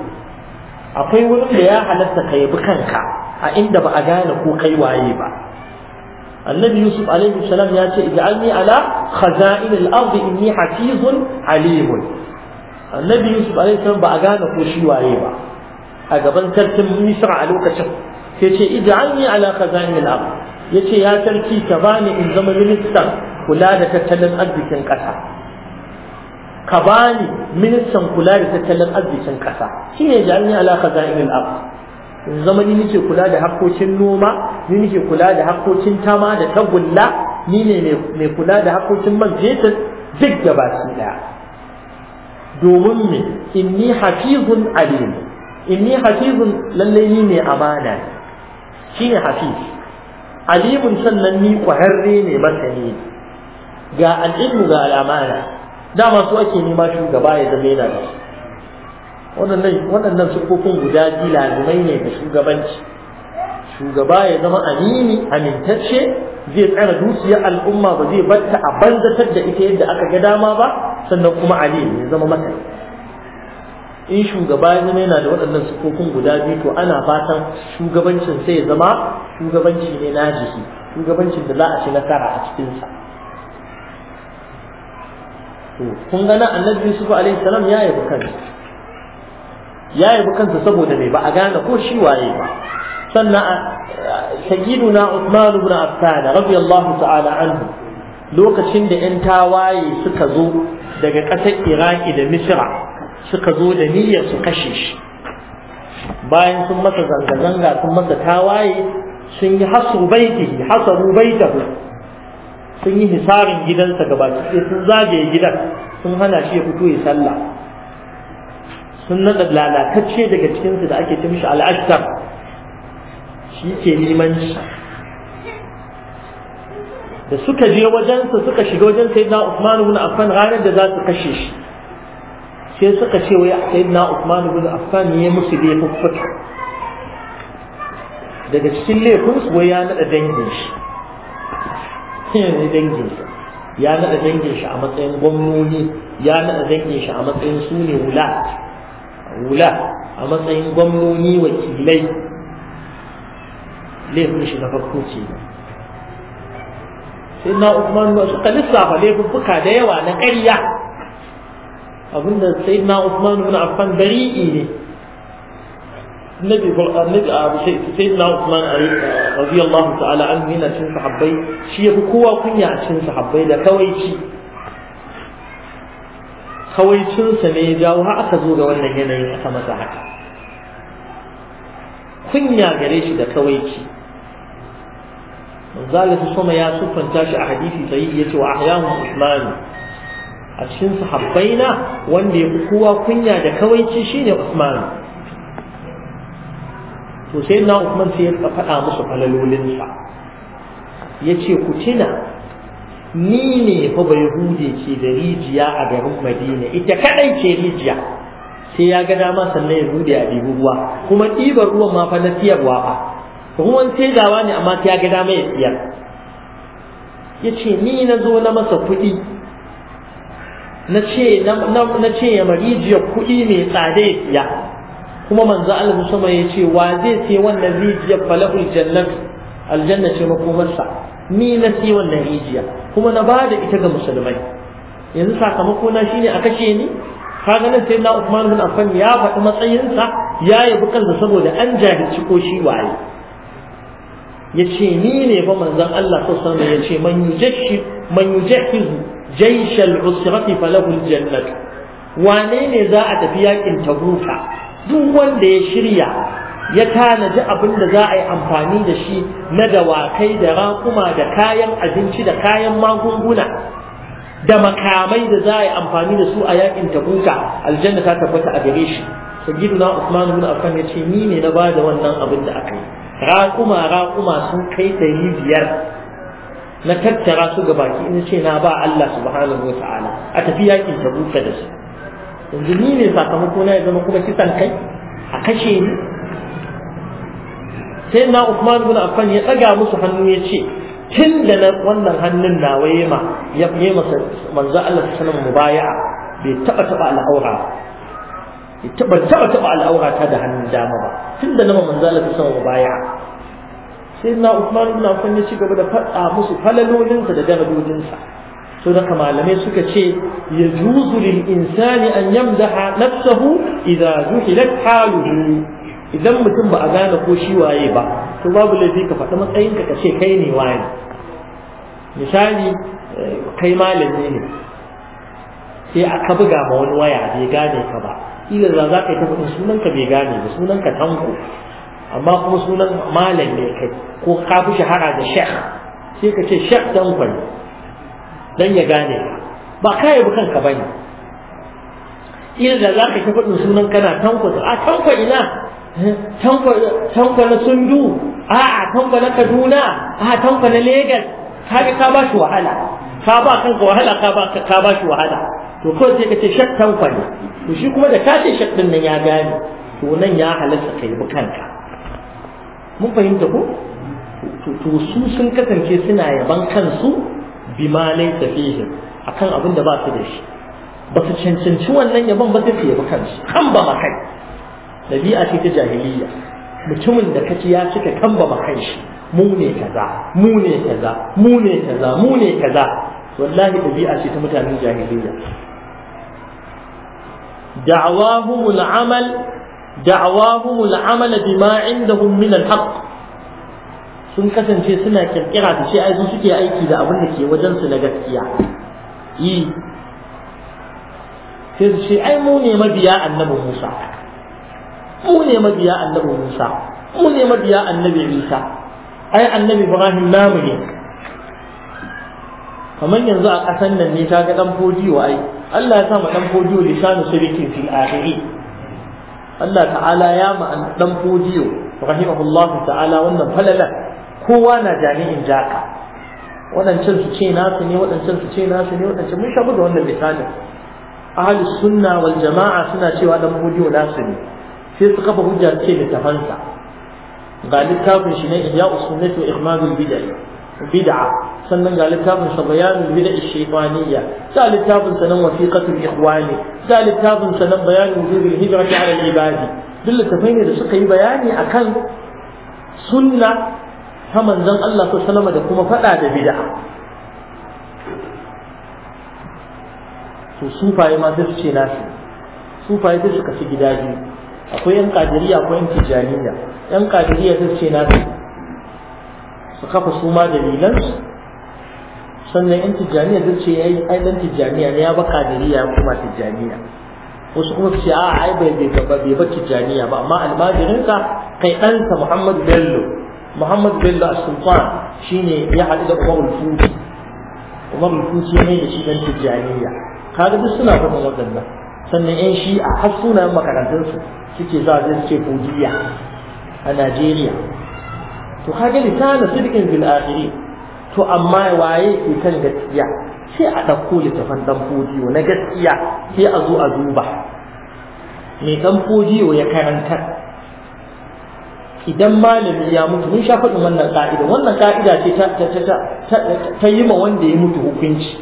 akwai wurin da ya halatta ka yabi kanka a inda ba a gane ko kai waye ba annabi yusuf alaihi salam ya ce ij'alni ala khaza'in al-ardi inni hafizun alim annabi yusuf alaihi salam ba a gane ko shi waye ba a gaban sarkin misra a lokacin sai ce ij'alni ala khaza'in al-ardi yace ya sarki ka bani in zama ministan kula da tattalin arzikin ƙasa ka bani ministan kula da tattalin arzikin ƙasa Shi ne jami'in alaka zainul ab zama ni nake kula da harkokin noma ni nake kula da harkokin tama da tagulla ni ne mai kula da harkokin man fetur duk da baki daya domin me inni hafizun alim inni hafizun lallai ni ne amana shine hafiz alimun sannan ni kwararre ne masani ga al'ilmu ga al'amana dama su ake nema shugaba ya zama yana da waɗannan waɗannan sukofin guda biyu lazimai ne da shugabanci shugaba ya zama amini amintacce zai tsara dukiyar al'umma ba zai batta a banzatar da ita yadda aka ga dama ba sannan kuma alim ya zama mata in shugaba ya zama yana da waɗannan sukofin guda biyu to ana fatan shugabancin sai ya zama shugabanci ne na jiki shugabancin da za a ci nasara a cikinsa to kun annabi Yusuf alaihi salam ya yabi kansa ya yabi kansa saboda mai ba a gane ko shi waye ba sannan sayyiduna Uthman ibn Affan radiyallahu ta'ala anhu lokacin da yan tawaye suka zo daga ƙasar Iraki da Misra suka zo da niyyar su kashe shi bayan sun masa zanga-zanga sun masa tawaye sun yi hasu baiti hasaru baitahu sun yi hisarin gidansa gaba ɗaya sun zagaye gidan sun hana shi ya fito ya sallah sun nada lalatacce daga cikinsu da ake cimshi al'ashtar shi ke shi da suka je wajensa suka shiga wajen na Usman ibn Affan ranar da za su kashe shi sai suka ce wai na Usman ibn Affan ya musu laifuffuka daga cikin laifin su wai ya naɗa dangin shi yanzu dangin shi ya naɗa dangin shi a matsayin gwamnoni ya naɗa dangin shi a matsayin su ne wula wula a matsayin gwamnoni wakilai laifin shi na farko ce sai na Usman ba suka lissafa buka da yawa na ƙarya abinda sai na Usman ibn Affan bari'i ne annabi annabi abu sai sayyidina Usman radiyallahu ta'ala anhu yana cin sahabbai shi yafi kowa kunya a cin sahabbai da kawaici kawaicinsa ne ya jawo ha aka zo ga wannan yanayin aka masa haka kunya gare shi da kawaici manzala su sama ya siffanta shi a hadisi sai ya ce wa ahyahu usman a cikin na wanda ya fi kowa kunya da kawaici shine usman to sai na Usman sai ya faɗa musu falalolin ya ce ku tuna ni ne fa bai hude ke da rijiya a garin Madina ita kadai ce rijiya sai ya ga dama sannan ya hude a ɗibi ruwa kuma ɗibar ruwan ma fa na siyarwa fa sai saidawa ne amma sai ya ga dama ya siyar ya ce ni na zo na masa kuɗi na ce ya marijiyar kuɗi mai tsada ya siya kuma manzo Allah sama ya ce wa zai sai wannan rijiyar falahul aljanna ce makomarsa ni na sai wannan rijiya kuma na ba da ita ga musulmai yanzu sakamako na shine a kashe ni kaga nan sai na Uthman bin Affan ya faɗi matsayinsa ya yabi kansa saboda an jahilci ko shi waye ya ce ni ne ba manzon Allah sallallahu ya ce man yujashi man yujahizu jayshal usrati falahu aljannatu wane ne za a tafi yakin tabuka duk wanda ya shirya ya tanaji abin da za a yi amfani da shi na dawakai da raƙuma da kayan abinci da kayan magunguna da makamai da za a yi amfani da su a yakin tabuka aljanna ta tabbata a gare shi sayyiduna usman ibn affan yace ni ne na bada wannan abin da aka yi raƙuma raƙuma sun kai ɗari biyar na tattara su ga baki in ce na ba Allah subhanahu wa ta'ala a tafi yakin tabuka da su yanzu ni ne sakamako na ya zama kuma kisan kai a kashe ni sai na Usman ibn Affan ya tsaga musu hannu ya ce tun da na wannan hannun na wayema ya yi masa manzo Allah sallallahu mubaya'a bai taba taba al'aura bai taba taba taba al'aura ta da hannun dama ba tun da na manzo Allah sallallahu mubaya'a sai na Usman ibn Affan ya ci gaba da faɗa musu falalolinsa da darajojinsa so daga malamai suka ce ya juzu lil insani an yamdaha nafsahu idza juhilat haluhu idan mutum ba a gane ko shi waye ba to babu laifi ka faɗi matsayinka ka ce kai ne waye misali eh, kai malami ne sai aka buga ma wani waya bai gane ka ba ila za za ka yi sunan ka bai gane ba ka tanko amma kuma sunan malam ne kai ko ka fi shahara da shekh sai ka ce shekh tanko ne dan ya gane ba ka bu kanka bane idan da za ka ta faɗin sunan kana tanko a ah, tanko ina tanko na sundu a tanko na kaduna a tanko na Legas. ka ka ba shi wahala ka ba kanka wahala ka ba ka ba shi wahala to ko sai ka ce shak tanko ne to shi kuma da ka ce shak din nan ya gane to nan ya halarta ka bu kanka mun fahimta ko to su sun kasance suna yaban kansu bima laysa fihim akan abin da ba su da shi ba su cancanci wannan yabon ba sai su yabi kansu kan ba makai dabi'a ce ta jahiliya mutumin da kaci ya cika kan ba makai shi mu ne kaza mu ne kaza mu ne kaza mu ne kaza wallahi dabi'a ce ta mutanen jahiliya da'awahum al'amal da'awahum al'amal bima indahum min al-haqq sun kasance suna kirkira da ce ai su suke aiki da abin da ke wajen su na gaskiya yi sai su ce ai mu ne mabiya annabi Musa mu ne mabiya annabi Musa mu ne mabiya annabi Isa ai annabi Ibrahim namu ne kamar yanzu a ƙasan nan ne ta ga ɗan fodiyo ai Allah ya sa mu ɗan fodiyo lisanu sabikin fil akhiri Allah ta'ala ya ma ɗan fodiyo rahimahullahu ta'ala wannan falalan kowa na jami'in jaka waɗancan su ce nasu ne waɗancan su ce nasu ne waɗancan mun shabu da wannan misalin ahlus sunna wal jama'a suna cewa dan bodiyo nasu ne sai su kafa hujja su ce littafansa ga littafin shi ne ihya usunnati wa ihmadul bid'ah bid'a sannan ga littafin sa bayanul bid'a shaytaniyya ga littafin sa nan wasiqatul ikhwani ga littafin sa nan bayanul wujubil hijrati ala al ibadi duk littafai da suka yi bayani akan sunna ta manzon Allah sallallahu salama da kuma faɗa da bid'a to sufaye ma sai su ce nasu sufaye sai su kasu gida biyu akwai yan kadiriya akwai yan tijaniya yan kadiriya sai su ce nasu su kafa su ma dalilan su sannan yan tijaniya sai su ce ai ai dan tijaniya ne ya ba kadiriya ya kuma tijaniya wasu kuma su ce a ai bai bai bai ba tijaniya ba amma almajirinsa kai ɗansa Muhammadu Bello muhammad bello sultan shine ya haɗu da umar futi umar futi ne da shi dan tijjaniya kaga duk suna faɗin waɗannan sannan yan shi'a har sunayen makarantunsu suke za su ce fujiya a najeriya to kaga lisanin sidqin bil akhirin to amma waye ke kan gaskiya sai a ɗauko littafan dan fujiyo na gaskiya sai a zo a duba mai dan fujiyo ya karantar idan malami ya mutu mun sha faɗin wannan ka'ida wannan ka'ida ce ta yi ma wanda ya mutu hukunci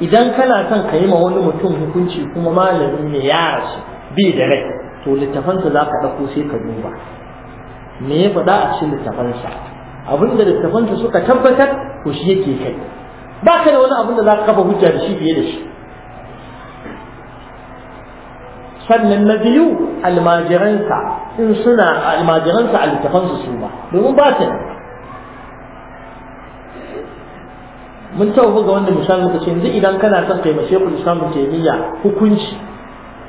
idan kana son ka yi ma wani mutum hukunci kuma malami ne ya rasu bi da rai to littafansa za ka ɗauko sai ka duba me ya faɗa a cikin littafansa abin da littafansa suka tabbatar ko shi yake kai ba ka da wani abin da za ka kafa hujja da shi fiye da shi sannan na biyu almajiransa in suna almajiransa a littafansu su ba domin ba ta mun ta buga wanda misali ka ce yanzu idan kana son kai mace ku islamu taimiyya hukunci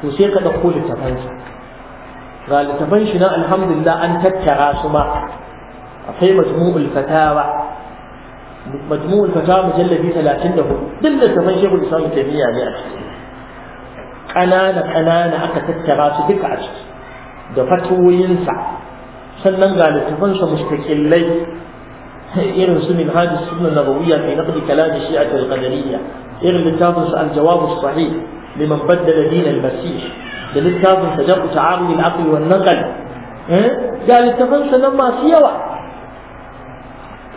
to sai ka dauko ɗauko shi ga littafan shi na alhamdulillah an tattara su ma akwai majmu'ul fatawa majmu'ul fatawa mujallabi 34 duk littafan shekul islamu taimiyya ne a ciki ƙanana ƙanana aka tattara su duka a ciki da fatawoyinsa sannan ga littafansa mustaqillai irin su min hadis sunna nabawiyya fi naqd kalam shi'at al-qadariyya irin littafin sa al-jawab as-sahih liman baddala din al-masih da littafin sa jabu ta'arud al-aql wa naql
eh, ga
littafansa nan masu yawa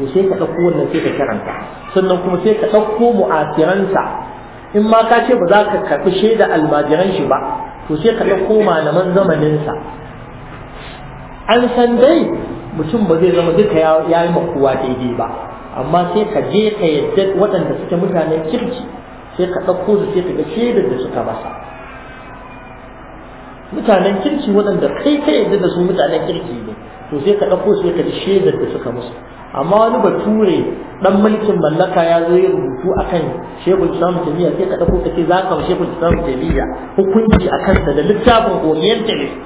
to sai ka ɗauko wannan sai ka karanta sannan kuma sai ka ɗauko mu'asiransa in ma ka ce ba za ka karɓi shaida almajiran shi ba to sai ka ɗauko malaman zamaninsa an san dai mutum ba zai zama duka ya yi makuwa daidai ba amma sai ka je ka yadda waɗanda suke mutanen kirki sai ka ɗauko su sai ka ga shaidar da suka masa mutanen kirki waɗanda kai ka yadda da su mutanen kirki ne to sai ka ɗauko su sai ka ji shaidar da suka musu amma wani bature dan mulkin mallaka ya zo ya rubutu akan shekul islam jami'a sai ka dauko ka za ka shekul islam jami'a hukunci a kansa da littafin orientalist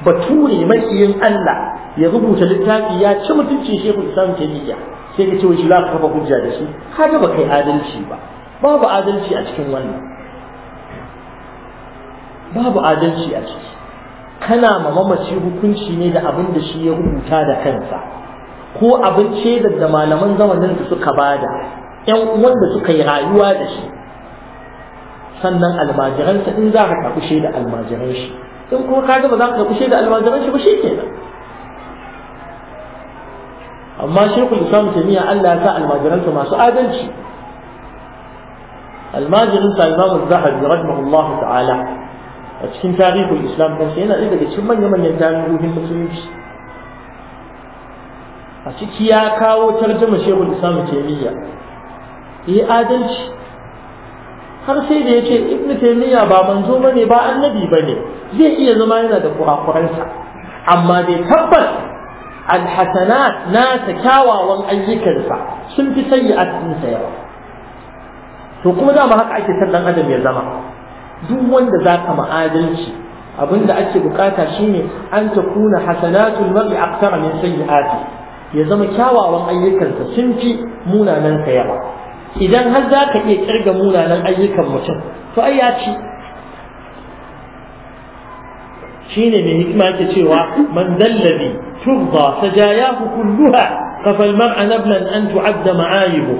bature yin Allah ya rubuta littafi ya ci mutuncin shekul islam jami'a sai ka ce wai shi za ka kafa hujja da shi kaga ba kai adalci ba babu adalci a cikin wannan babu adalci a ciki kana ma mamaci hukunci ne da abin da shi ya rubuta da kansa ko abin shaidar da malaman zamanin da suka bada yan uwan suka yi rayuwa da shi sannan almajiransa in za ka karɓi shaidar almajiran shi in kuma ka ba za ka karɓi shaidar almajiran shi ba shi kenan amma shekul islam jami'a allah ya sa almajiransa masu adalci almajirin sa imamu zahabi rahimahullah ta'ala a cikin tarihul islam kansa yana ɗaya daga cikin manya-manyan tarihohin musulunci a ciki ya kawo tarjama da samun taimiyya yi adalci har sai da ya ce ibn taimiyya ba manzo ba ne ba annabi ba ne zai iya zama yana da kurakuransa amma dai tabbas alhasanat ta kyawawan ayyukansa sun fi sayyi'atinsa yawa to kuma dama haka ake san dan adam ya zama duk wanda zaka ma'adalci abinda ake bukata shine an kuna hasanatul mar'i akthara min sayyi'ati ya zama kyawawan ayyukansa sun fi munanan yawa idan har za ka iya kirga munanan ayyukan mutum to ai ya ci shine mai hikima yake cewa man dallabi turda sajayahu kulluha kafal mar'a nablan an tu'adda ma'ayibu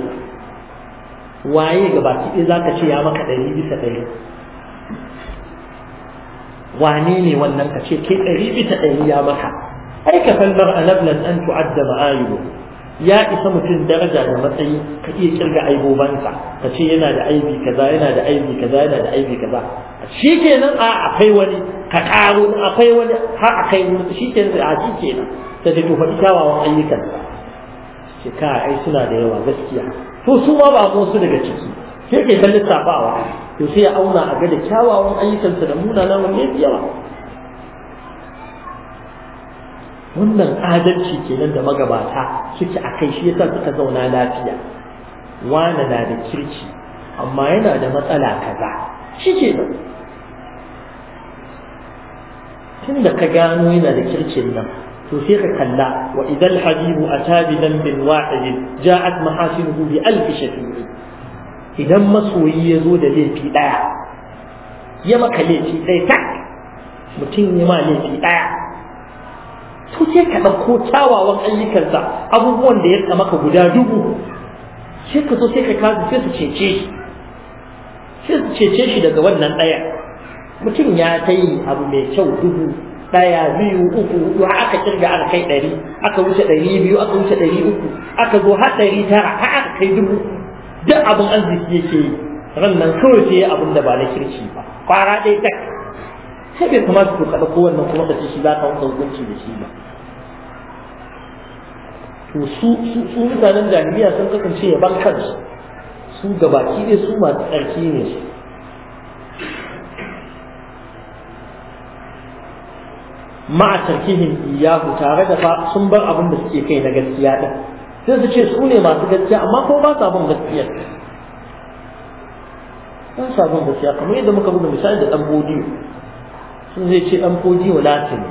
waye gabaki ɗaya zaka ce ya maka ɗari bisa ɗari wane ne wannan ka ce ke ɗari bisa ɗari ya maka ai ka falmar anablan an tu'adda ma'ayibu ya isa mutum daraja da matsayi ka iya kirga aibobansa ka ce yana da aibi kaza yana da aibi kaza yana da aibi kaza shikenan a akwai wani ka karo akwai wani har akai shikenan a shikenan ta ce to faɗi kyawawan ayyukan ce ka ai suna da yawa gaskiya to su ma ba su daga ciki sai kai ta lissafawa to sai ya auna a ga da kyawawan ayyukansa da munanan wanne yawa wannan adalci kenan da magabata suke a kai shi yasa suka zauna lafiya wane na da kirki amma yana da matsala kaza shi ke nan ka gano yana da kirkin nan to sai ka kalla wa idan habibu a tabi bin ja'at mahasinuhu bi alfi shafi'i idan masoyi ya zo da laifi ɗaya ya maka laifi ɗaya tak mutum ya ma laifi ɗaya to sai ka ɗauko kyawawan ayyukansa abubuwan da ya tsama maka guda dubu sai ka zo sai ka kasu sai su cece shi sai su cece shi daga wannan ɗaya mutum ya ta yi abu mai kyau dubu ɗaya biyu uku hudu har aka kirga aka kai ɗari aka wuce ɗari biyu aka wuce ɗari uku aka zo har ɗari tara har aka kai dubu duk abin arziki yake yi ran nan kawai sai abin da ba na kirki ba kwara ɗaya tak sai bai kamata ka ɗauko wannan kuma ka ce shi za ka wuce hukunci da shi ba to su su mutanen jahiliya sun kasance ya ban kansu su baki ne su masu tsarki ne su a tarkihin iyahu tare da fa sun bar abin da suke kai na gaskiya din sai su ce su ne masu gaskiya amma ko ba su abin gaskiya ba sa bin gaskiya kamar yadda muka buga misali da dan bodiyo sun zai ce dan bodiyo lati ne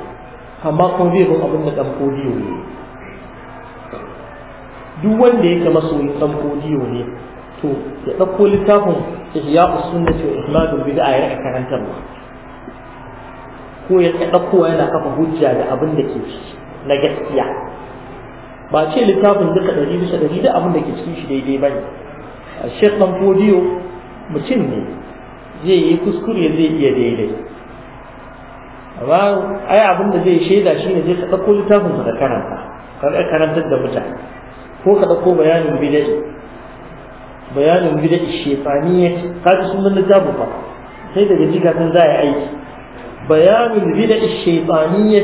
amma ko zai bin abin da dan bodiyo ne duk wanda yake masoyin ɗan fodiyo ne to ya ɗauko littafin ihya usunna ce ihmadul bid'a ya ba ko ya ɗaukowa yana kafa hujja da abin da ke ciki na gaskiya ba ce littafin duka ɗari bisa ɗari da abin da ke cikin shi daidai ba ne a shek ɗan fodiyo mutum ne zai yi kuskure zai iya daidai amma ai abin da zai shaida shi ne zai ka ɗauko littafin ka karanta kar ka karantar da mutane ko ka ɗauko bayanin bida'i bayanin bida'i shefaniya kaji sun nan littafin fa sai daga jika sun za a aiki bayanin bida'i shefaniya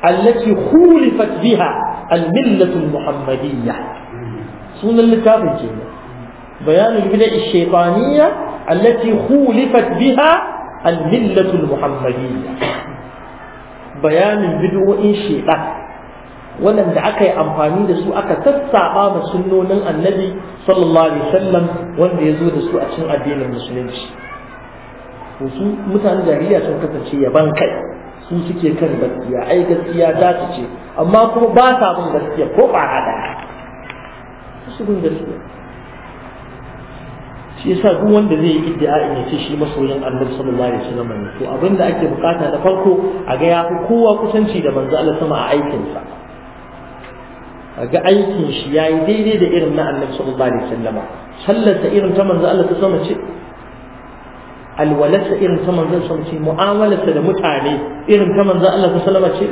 allati khulifat biha al-millatul muhammadiyya sunan littafin ke bayanin bida'i shefaniya allati khulifat biha al-millatul muhammadiyya bayanin bid'o'in shefaniya waɗanda aka yi amfani da su aka sassaɓa ma sunnonin annabi sallallahu alaihi wasallam wanda ya zo da su a cikin addinin musulunci su mutanen jahiliya sun kasance yaban kai su suke kan gaskiya ai gaskiya za su ce amma kuma ba sa bin gaskiya ko ba hada su bin gaskiya shi yasa duk wanda zai yi iddia'in ya ce shi masoyin annabi sallallahu alaihi wasallam ne to abinda ake bukata da farko a ga ya fi kowa kusanci da manzo Allah sama a aikinsa ga aikin shi yi daidai da irin na annabi sallallahu alaihi wasallam sallarsa irin ta manzo Allah ta sama ce alwalarsa irin ta manzo sama ce mu'amalarsa da mutane irin ta manzo Allah ta sallama ce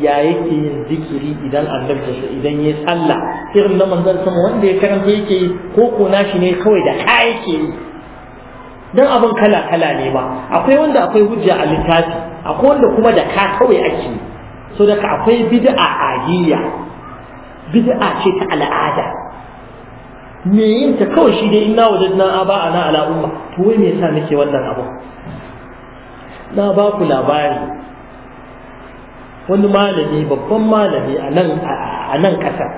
ya yake yin zikiri idan annabi idan ya sallah irin na manzo sama wanda ya karanta yake yi ko ko nashi ne kawai da ka yake yi dan abin kala kala ne ba akwai wanda akwai hujja a littafi akwai wanda kuma da ka kawai ake yi so da akwai bid'a a ajiya. bid'a ce ta al'ada me yin ta kawai shi dai wajen na aba ana ala umma to wai me yasa nake wannan abu na ba ku labari wani malami babban malami a nan a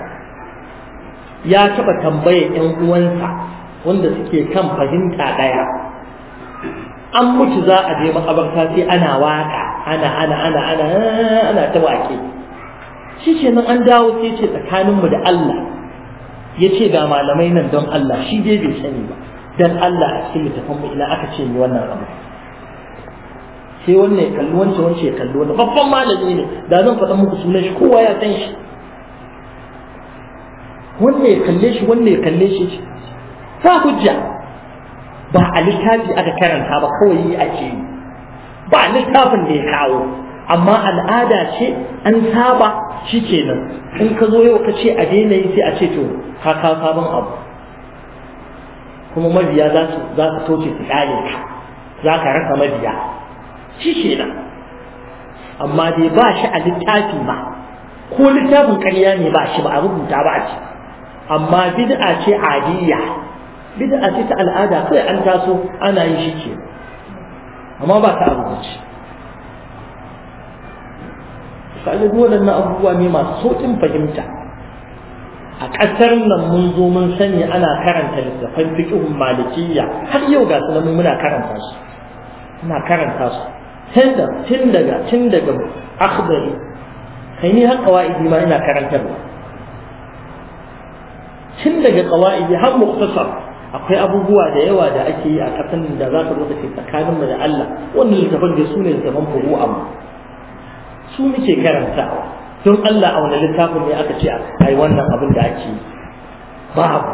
ya taba tambayar yan uwansa wanda suke kan fahimta daya an mutu za a je makabarta sai ana waka ana ana ana ana ana ta wake shi ce nan an dawo sai ce tsakaninmu da Allah ya ce ga malamai nan don Allah shi dai bai sani ba don Allah a cikin littafin mu ina aka ce ni wannan abu sai wannan ya kalli wancan wancan ya kalli wannan babban malami ne da zan faɗa muku sunan shi kowa ya san shi wannan ya kalle shi wannan ya kalle shi ta hujja ba a littafi aka karanta ba kawai yi ake yi ba littafin da ya kawo amma al'ada ce an saba shi kenan in ka zo yau ka ce a daina yi sai a ce to ka kawo sabon abu kuma mabiya za su za su toce su kare ka za ka rasa mabiya shi kenan amma dai ba shi a littafi ba ko littafin ƙarya ne ba shi ba a rubuta ba a ce amma bid'a ce adiyya bid'a ce ta al'ada kai an taso ana yin shi ke amma ba ta rubuce kaga dole na abubuwa ne masu sauƙin fahimta a ƙasar nan mun zo mun sani ana karanta littattafan fiqhun malikiyya har yau ga sunan muna karanta su muna karanta su tun daga tun daga akhbari kai ni har qawaidi ma ina karantarwa tun daga qawaidi har muktasar akwai abubuwa da yawa da ake yi a kasan da za ka zo ce tsakanin mu da Allah wannan littafin da su ne littafin furu'a mu su muke karanta don Allah a wani littafin ne aka ce a yi wannan abin da ake yi babu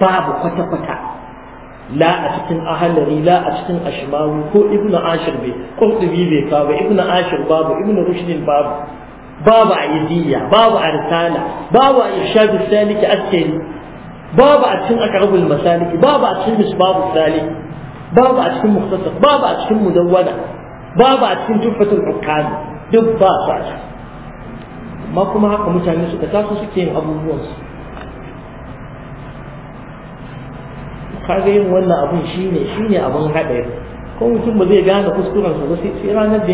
babu kwata-kwata la a cikin ahalari la a cikin ashimawu ko ibnu ashir bai kurtubi bai kawo ibnu ashir babu ibnu rushdin babu babu a babu a risala babu a irshadu saliki askari babu a cikin akarabul masaliki babu a cikin misbabu salik babu a cikin mukhtasar babu a cikin mudawwana babu a cikin tuffatul hukam ba su a ciki amma kuma haka taso suke yin abubuwansu yin wannan abun shine shine abun haɗari ko mutum ba zai gane kuskurensa ba sai ranar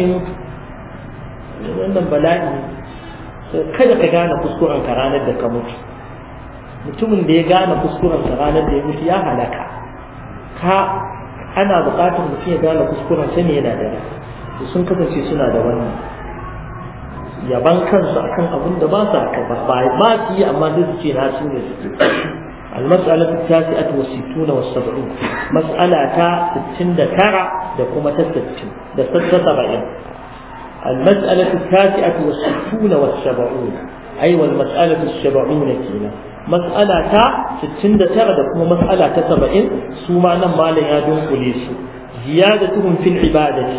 da wannan bala'i kada ka gane kuskurenka ranar da ka mutu mutumin da ya gane kuskurensa ranar da ya mutu ya halaka ka ana buƙatar mutum ya gane kuskurensa ne yana da rai sun kasance suna da wannan yaban kansu akan abin da ba su haka ba ba su yi amma duk su ce na su ne su المسألة التاسعة والستون والسبعون مسألة تا ستين دكارة دكومة ستين دستة سبعين المسألة التاسعة والستون والسبعون أي أيوة والمسألة السبعون كينا mas'ala ta 69 da kuma mas'ala ta 70 su ma nan malam ya dunkule su ziyadatuhum fil ibadati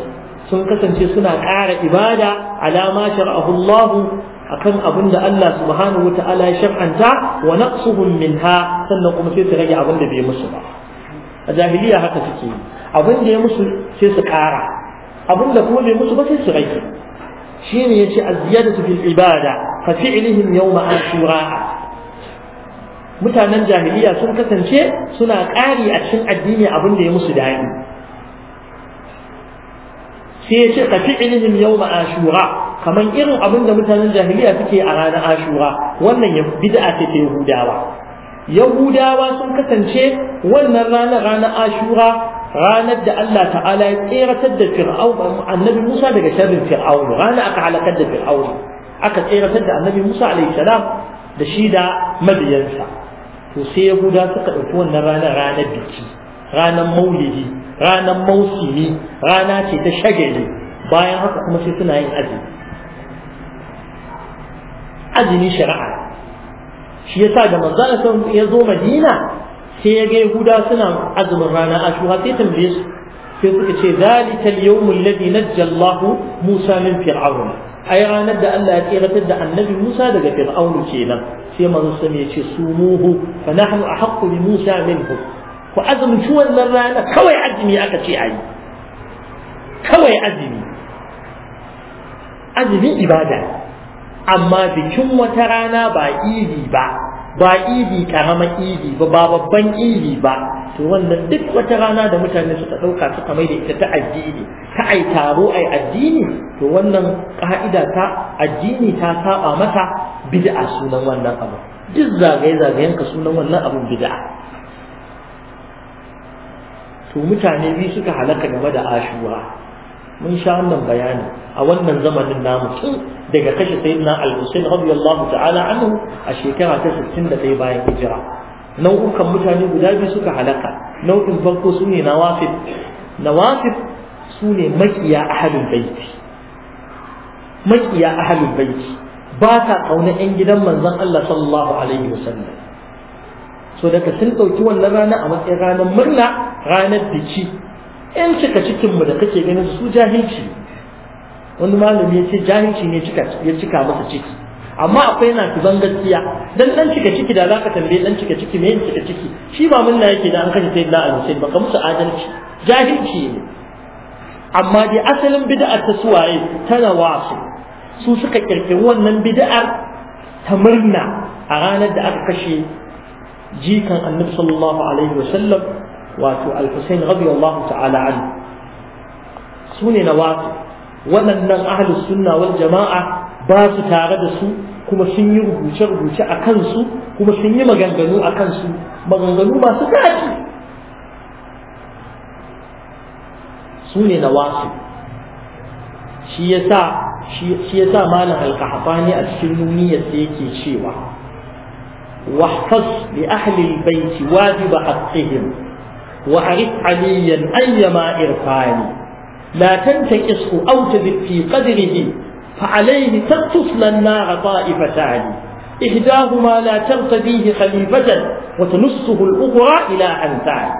sun kasance suna ƙara ibada alama shar'ahu Allah akan abin da Allah subhanahu wata'ala ya shar'anta wa naqsuhum minha sannan kuma sai su rage abin da bai musu ba a jahiliya haka suke yi abin da ya musu sai su ƙara abin da kuma bai musu ba sai su rage shine yace aziyadatu fil ibada fa fi'lihim yawma ashura mutanen jahiliya sun kasance suna ƙari a cikin addini abin da ya musu daɗi sai ya ce ka fi ilihim yau ma ashura kamar irin abin da mutanen jahiliya suke a ranar ashura wannan ya bid'a ce ta yahudawa yahudawa sun kasance wannan ranar ranar ashura ranar da Allah ta'ala ya tseratar da fir'auna annabi Musa daga sharrin fir'aun ranar aka halakar da fir'auna aka tseratar da annabi Musa alaihi salam da shi da mabiyansa to sai yahuda suka ɗauki wannan ranar ranar biki ranar maulidi ranar mausimi rana ce ta shagali bayan haka kuma sai suna yin azumi azumi shari'a shi yasa da manzon ya zo Madina sai ya ga Yahuda suna azumin rana shuha, sai tambaye su sai suka ce zalika al-yawm alladhi najja Allah Musa min fir'aun ai ranar da Allah ya tseratar da annabi Musa daga Fir'aunu kenan sai manzo sun ya ce sumuhu fa nahnu ahaqqu bi Musa minhu ku shi wannan rana kawai azumi aka ce ayi kawai azumi Azumin ibada amma bikin wata rana ba iri ba ba idi karamar idi ba ba babban idi ba to wannan duk wata rana da mutane suka ɗauka suka mai da ita ta addini ta ai taro ai addini to wannan ka'ida ta addini ta saba mata bid'a sunan wannan abu duk zagaye zagayen ka sunan wannan abu bid'a to mutane biyu suka halaka game da ashura mun sha wannan bayani a wannan zamanin namu tun daga kashe sayyidina al-husayn radiyallahu ta'ala anhu a shekara ta 61 bayan hijira nau'ukan mutane guda biyu suka halaka nau'in farko sune nawafid nawafid sune makiya ahlul baiti makiya baiti ba ta kauna yan gidan manzon Allah sallallahu alaihi wasallam so daga sun ɗauki wannan rana a matsayin ranar murna ranar biki 'yan cika cikinmu da kake ganin su jahilci wani malami ya ce jahilci ne ya cika masa ciki amma akwai na tuban gaskiya dan dan cika ciki da zaka tambaye dan cika ciki me cika ciki shi ba mun yake da an kashe sayyidina al-husayn baka musu adalci jahilci ne amma dai asalin bid'a ta suwaye tana wasu su suka kirkiri wannan bid'ar ta murna a ranar da aka kashe jikan annabi sallallahu alaihi sallam. wato al-Husayn radiyallahu ta'ala anhu sune na wasu waɗannan ahlus sunna wal jama'a ba su tare da su kuma sun yi rubuce-rubuce a kansu kuma sun yi maganganu a kansu maganganu masu zafi su ne na wasu shi ya sa malam alkahafani a cikin nuniyarsa yake cewa wahfaz li ahli albayti wajiba haqqihim وحرص عليا أيما إرفاني لا تنتكسه أو تذب في قدره فعليه تقتصل النار طائفتان إحداهما لا ترتديه خليفة وتنصه الأخرى إلى أنفعه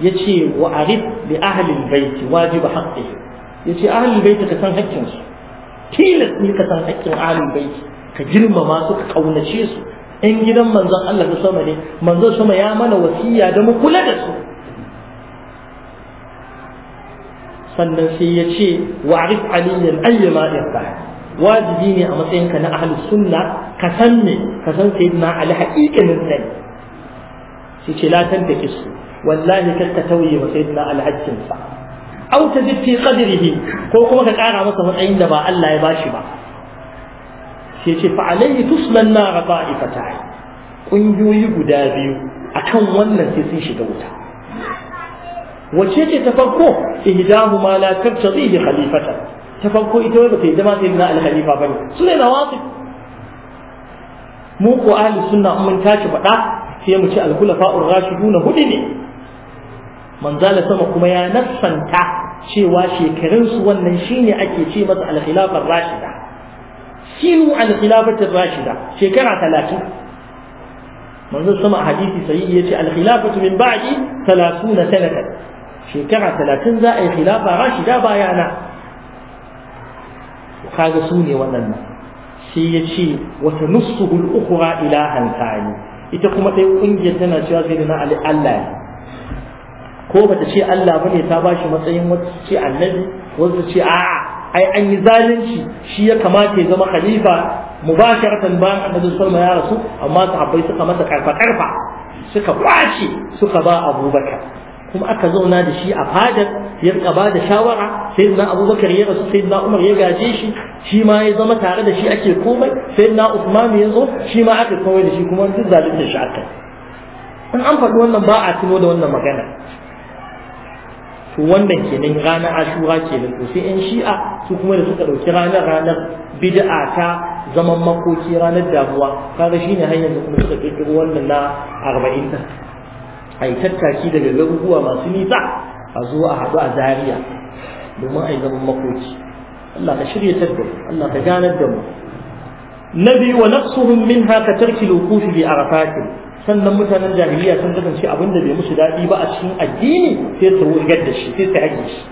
يتي وأعرف لأهل البيت واجب حقه يتي أهل البيت كسان حكيم كيلت من كسان حكيم أهل البيت كجرم ما أو قونشيسو in gidan manzon Allah ta sama ne manzon sama ya mana wasiya da mu kula da su sannan sai ya ce wa arif aliyan ayyama irba wajibi ne a matsayinka na ahlus sunna ka san me ka san sayyidina ali haƙiƙanin sani shi ce la tantake su wallahi kar ka tauye wa sayyidina ali haƙƙinsa au tajid fi qadrihi ko kuma ka ƙara masa matsayin da ba Allah ya bashi ba sai ce fa alayhi tuslan nar ta'ifata Ƙungiyoyi guda biyu A kan wannan sai sun shiga wuta wace ce ta farko ihdahu ma la tabtadhi khalifata ta farko ita ba ta zama sai na al-khalifa bane su ne nawasib mu ko ahli sunna mun tashi faɗa sai mu ci al-khulafa ar-rashiduna hudu ne manzala sama kuma ya nassanta cewa shekarunsu wannan shine ake ce masa al-khilafa ar-rashida sinu an khilafatir rashida shekara talatin manzo sama hadisi sahihi yace al khilafatu min ba'di 30 sanatan shekara talatin za a yi khilafa rashida bayana kaga su ne waɗannan shi ya ce wata nusuhul ukura ilahan tsani ita kuma ɗaya ƙungiyar tana cewa sai da na Allah ko bata ce Allah bane ta bashi shi matsayin wata ce annabi wata ce a'a ai an yi zalunci shi ya kamata ya zama khalifa mubasharatan bayan annabi sallallahu alaihi ya rasu amma sahabbai suka masa karfa karfa suka kwace suka ba abubakar kuma aka zauna da shi a fadar ya rika ba da shawara sai na abubakar ya rasu sai na umar ya gaje shi shi ma ya zama tare da shi ake komai sai na usman ya zo shi ma aka kawai da shi kuma duk zalunta shi aka in an faɗi wannan ba a tuno da wannan magana to wannan kenan ranar ashura kenan to sai yan shi'a su kuma da suka dauki ranar ranar bid'a ta zaman makoki ranar damuwa kaga shine hanyar da kuma suka kirkiro wannan na 40 ta. ai tattaki daga garuruwa masu nisa a zo a haɗu a zariya domin ai zaman makoki Allah ka shirya tadda Allah ka ganar da mu nabi wa nafsuhum minha ka tarki lukufi bi arafatin sannan mutanen jahiliya sun kasance abin da bai musu daɗi ba a cikin addini sai su wurgar da shi sai su haƙe shi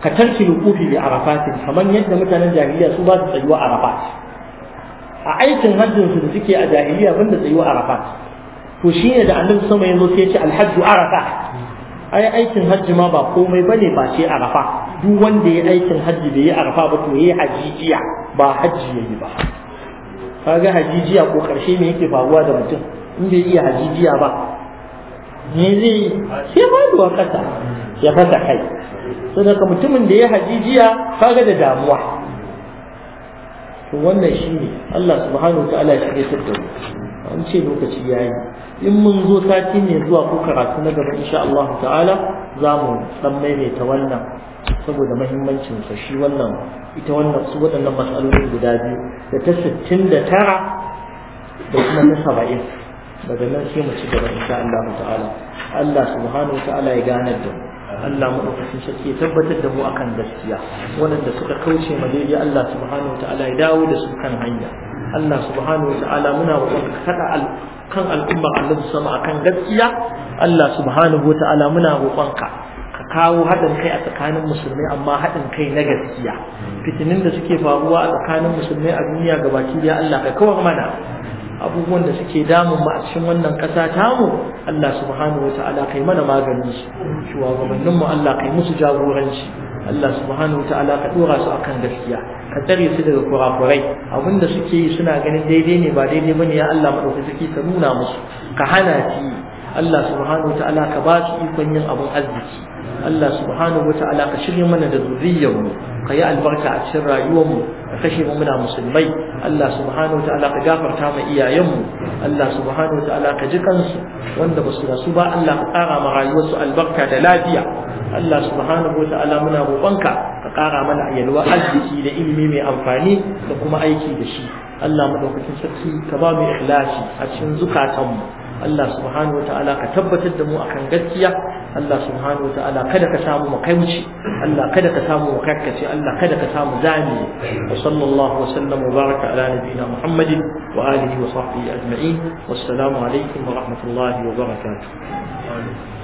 ka tarki lukufi bi arafatin kamar yadda mutanen jahiliya su ba su tsayuwa arafat a aikin hajjin da suke a jahiliya da tsayuwa arafat to shi ne da annabi sama zo sai ya ce alhajju arafa ai aikin hajji ma ba komai bane ba ce arafa duk wanda ya aikin hajji bai yi arafa ba to yayi hajjiya ba hajji yayi ba kaga hajjiya ko karshe me yake faruwa da mutum in bai iya hajijiya ba me zai yi sai faduwa kasa ya fasa kai daga mutumin da ya hajijiya kaga da damuwa to wannan shi ne, Allah subhanahu wataala ya shirye da mu an ce lokaci ya yi. in mun zo sati ne zuwa ko karatu na gaba insha Allah ta'ala za mu dan maimaita wannan saboda mahimmancin sa shi wannan ita wannan su waɗannan matsalolin guda biyu da ta 69 da kuma ta 70 daga nan sai mu ci gaba insha Allah ta'ala Allah subhanahu wa ta'ala ya ganar da mu Allah madaukakin sarki ya tabbatar da mu akan gaskiya waɗanda suka kauce ma daidai Allah subhanahu wa ta'ala ya dawo da su kan hanya Allah subhanahu wa ta'ala muna roƙon kada kan al'umma Allah sama akan gaskiya Allah subhanahu wa ta'ala muna roƙonka ka kawo haɗin kai a tsakanin musulmai amma haɗin kai na gaskiya fitinin da suke faruwa a tsakanin musulmai a duniya gabaki ya Allah ka kawar mana abubuwan da suke damun mu a cikin wannan ƙasa tamu Allah subhanahu ta'ala kai mana maganin su shugabannin mu Allah kai musu jagoranci Allah subhanahu ta'ala ka dora su akan gaskiya ka tsare su daga kurakurai abinda suke yi suna ganin daidai ne ba daidai bane ya Allah madaukaki ka nuna musu ka hana ki Allah subhanahu ta'ala ka ba su ikon yin abun arziki Allah subhanahu wa ta'ala ka shirya mana da zuriyarmu ka yi albarka a cikin rayuwarmu ka kashe mu muna musulmai Allah subhanahu wa ta'ala ka gafarta ma iyayenmu Allah subhanahu wa ta'ala ka ji kansu wanda su rasu ba Allah ka ƙara ma rayuwarsu albarka da lafiya Allah subhanahu wa ta'ala muna roƙonka ka ƙara mana yalwa arziki da ilimi mai amfani da kuma aiki da shi Allah madaukakin sarki ka ba mu ikhlasi a cikin zukatanmu Allah subhanahu wa ta'ala ka tabbatar da mu akan gaskiya Allah subhanahu wa ta'ala kada ka samu mu Allah kada ka samu makakkaci Allah kada ka samu zani wa sallallahu wa sallam wa baraka ala nabiyyina Muhammadin wa alihi wa sahbihi ajma'in wassalamu alaikum wa rahmatullahi wa
barakatuh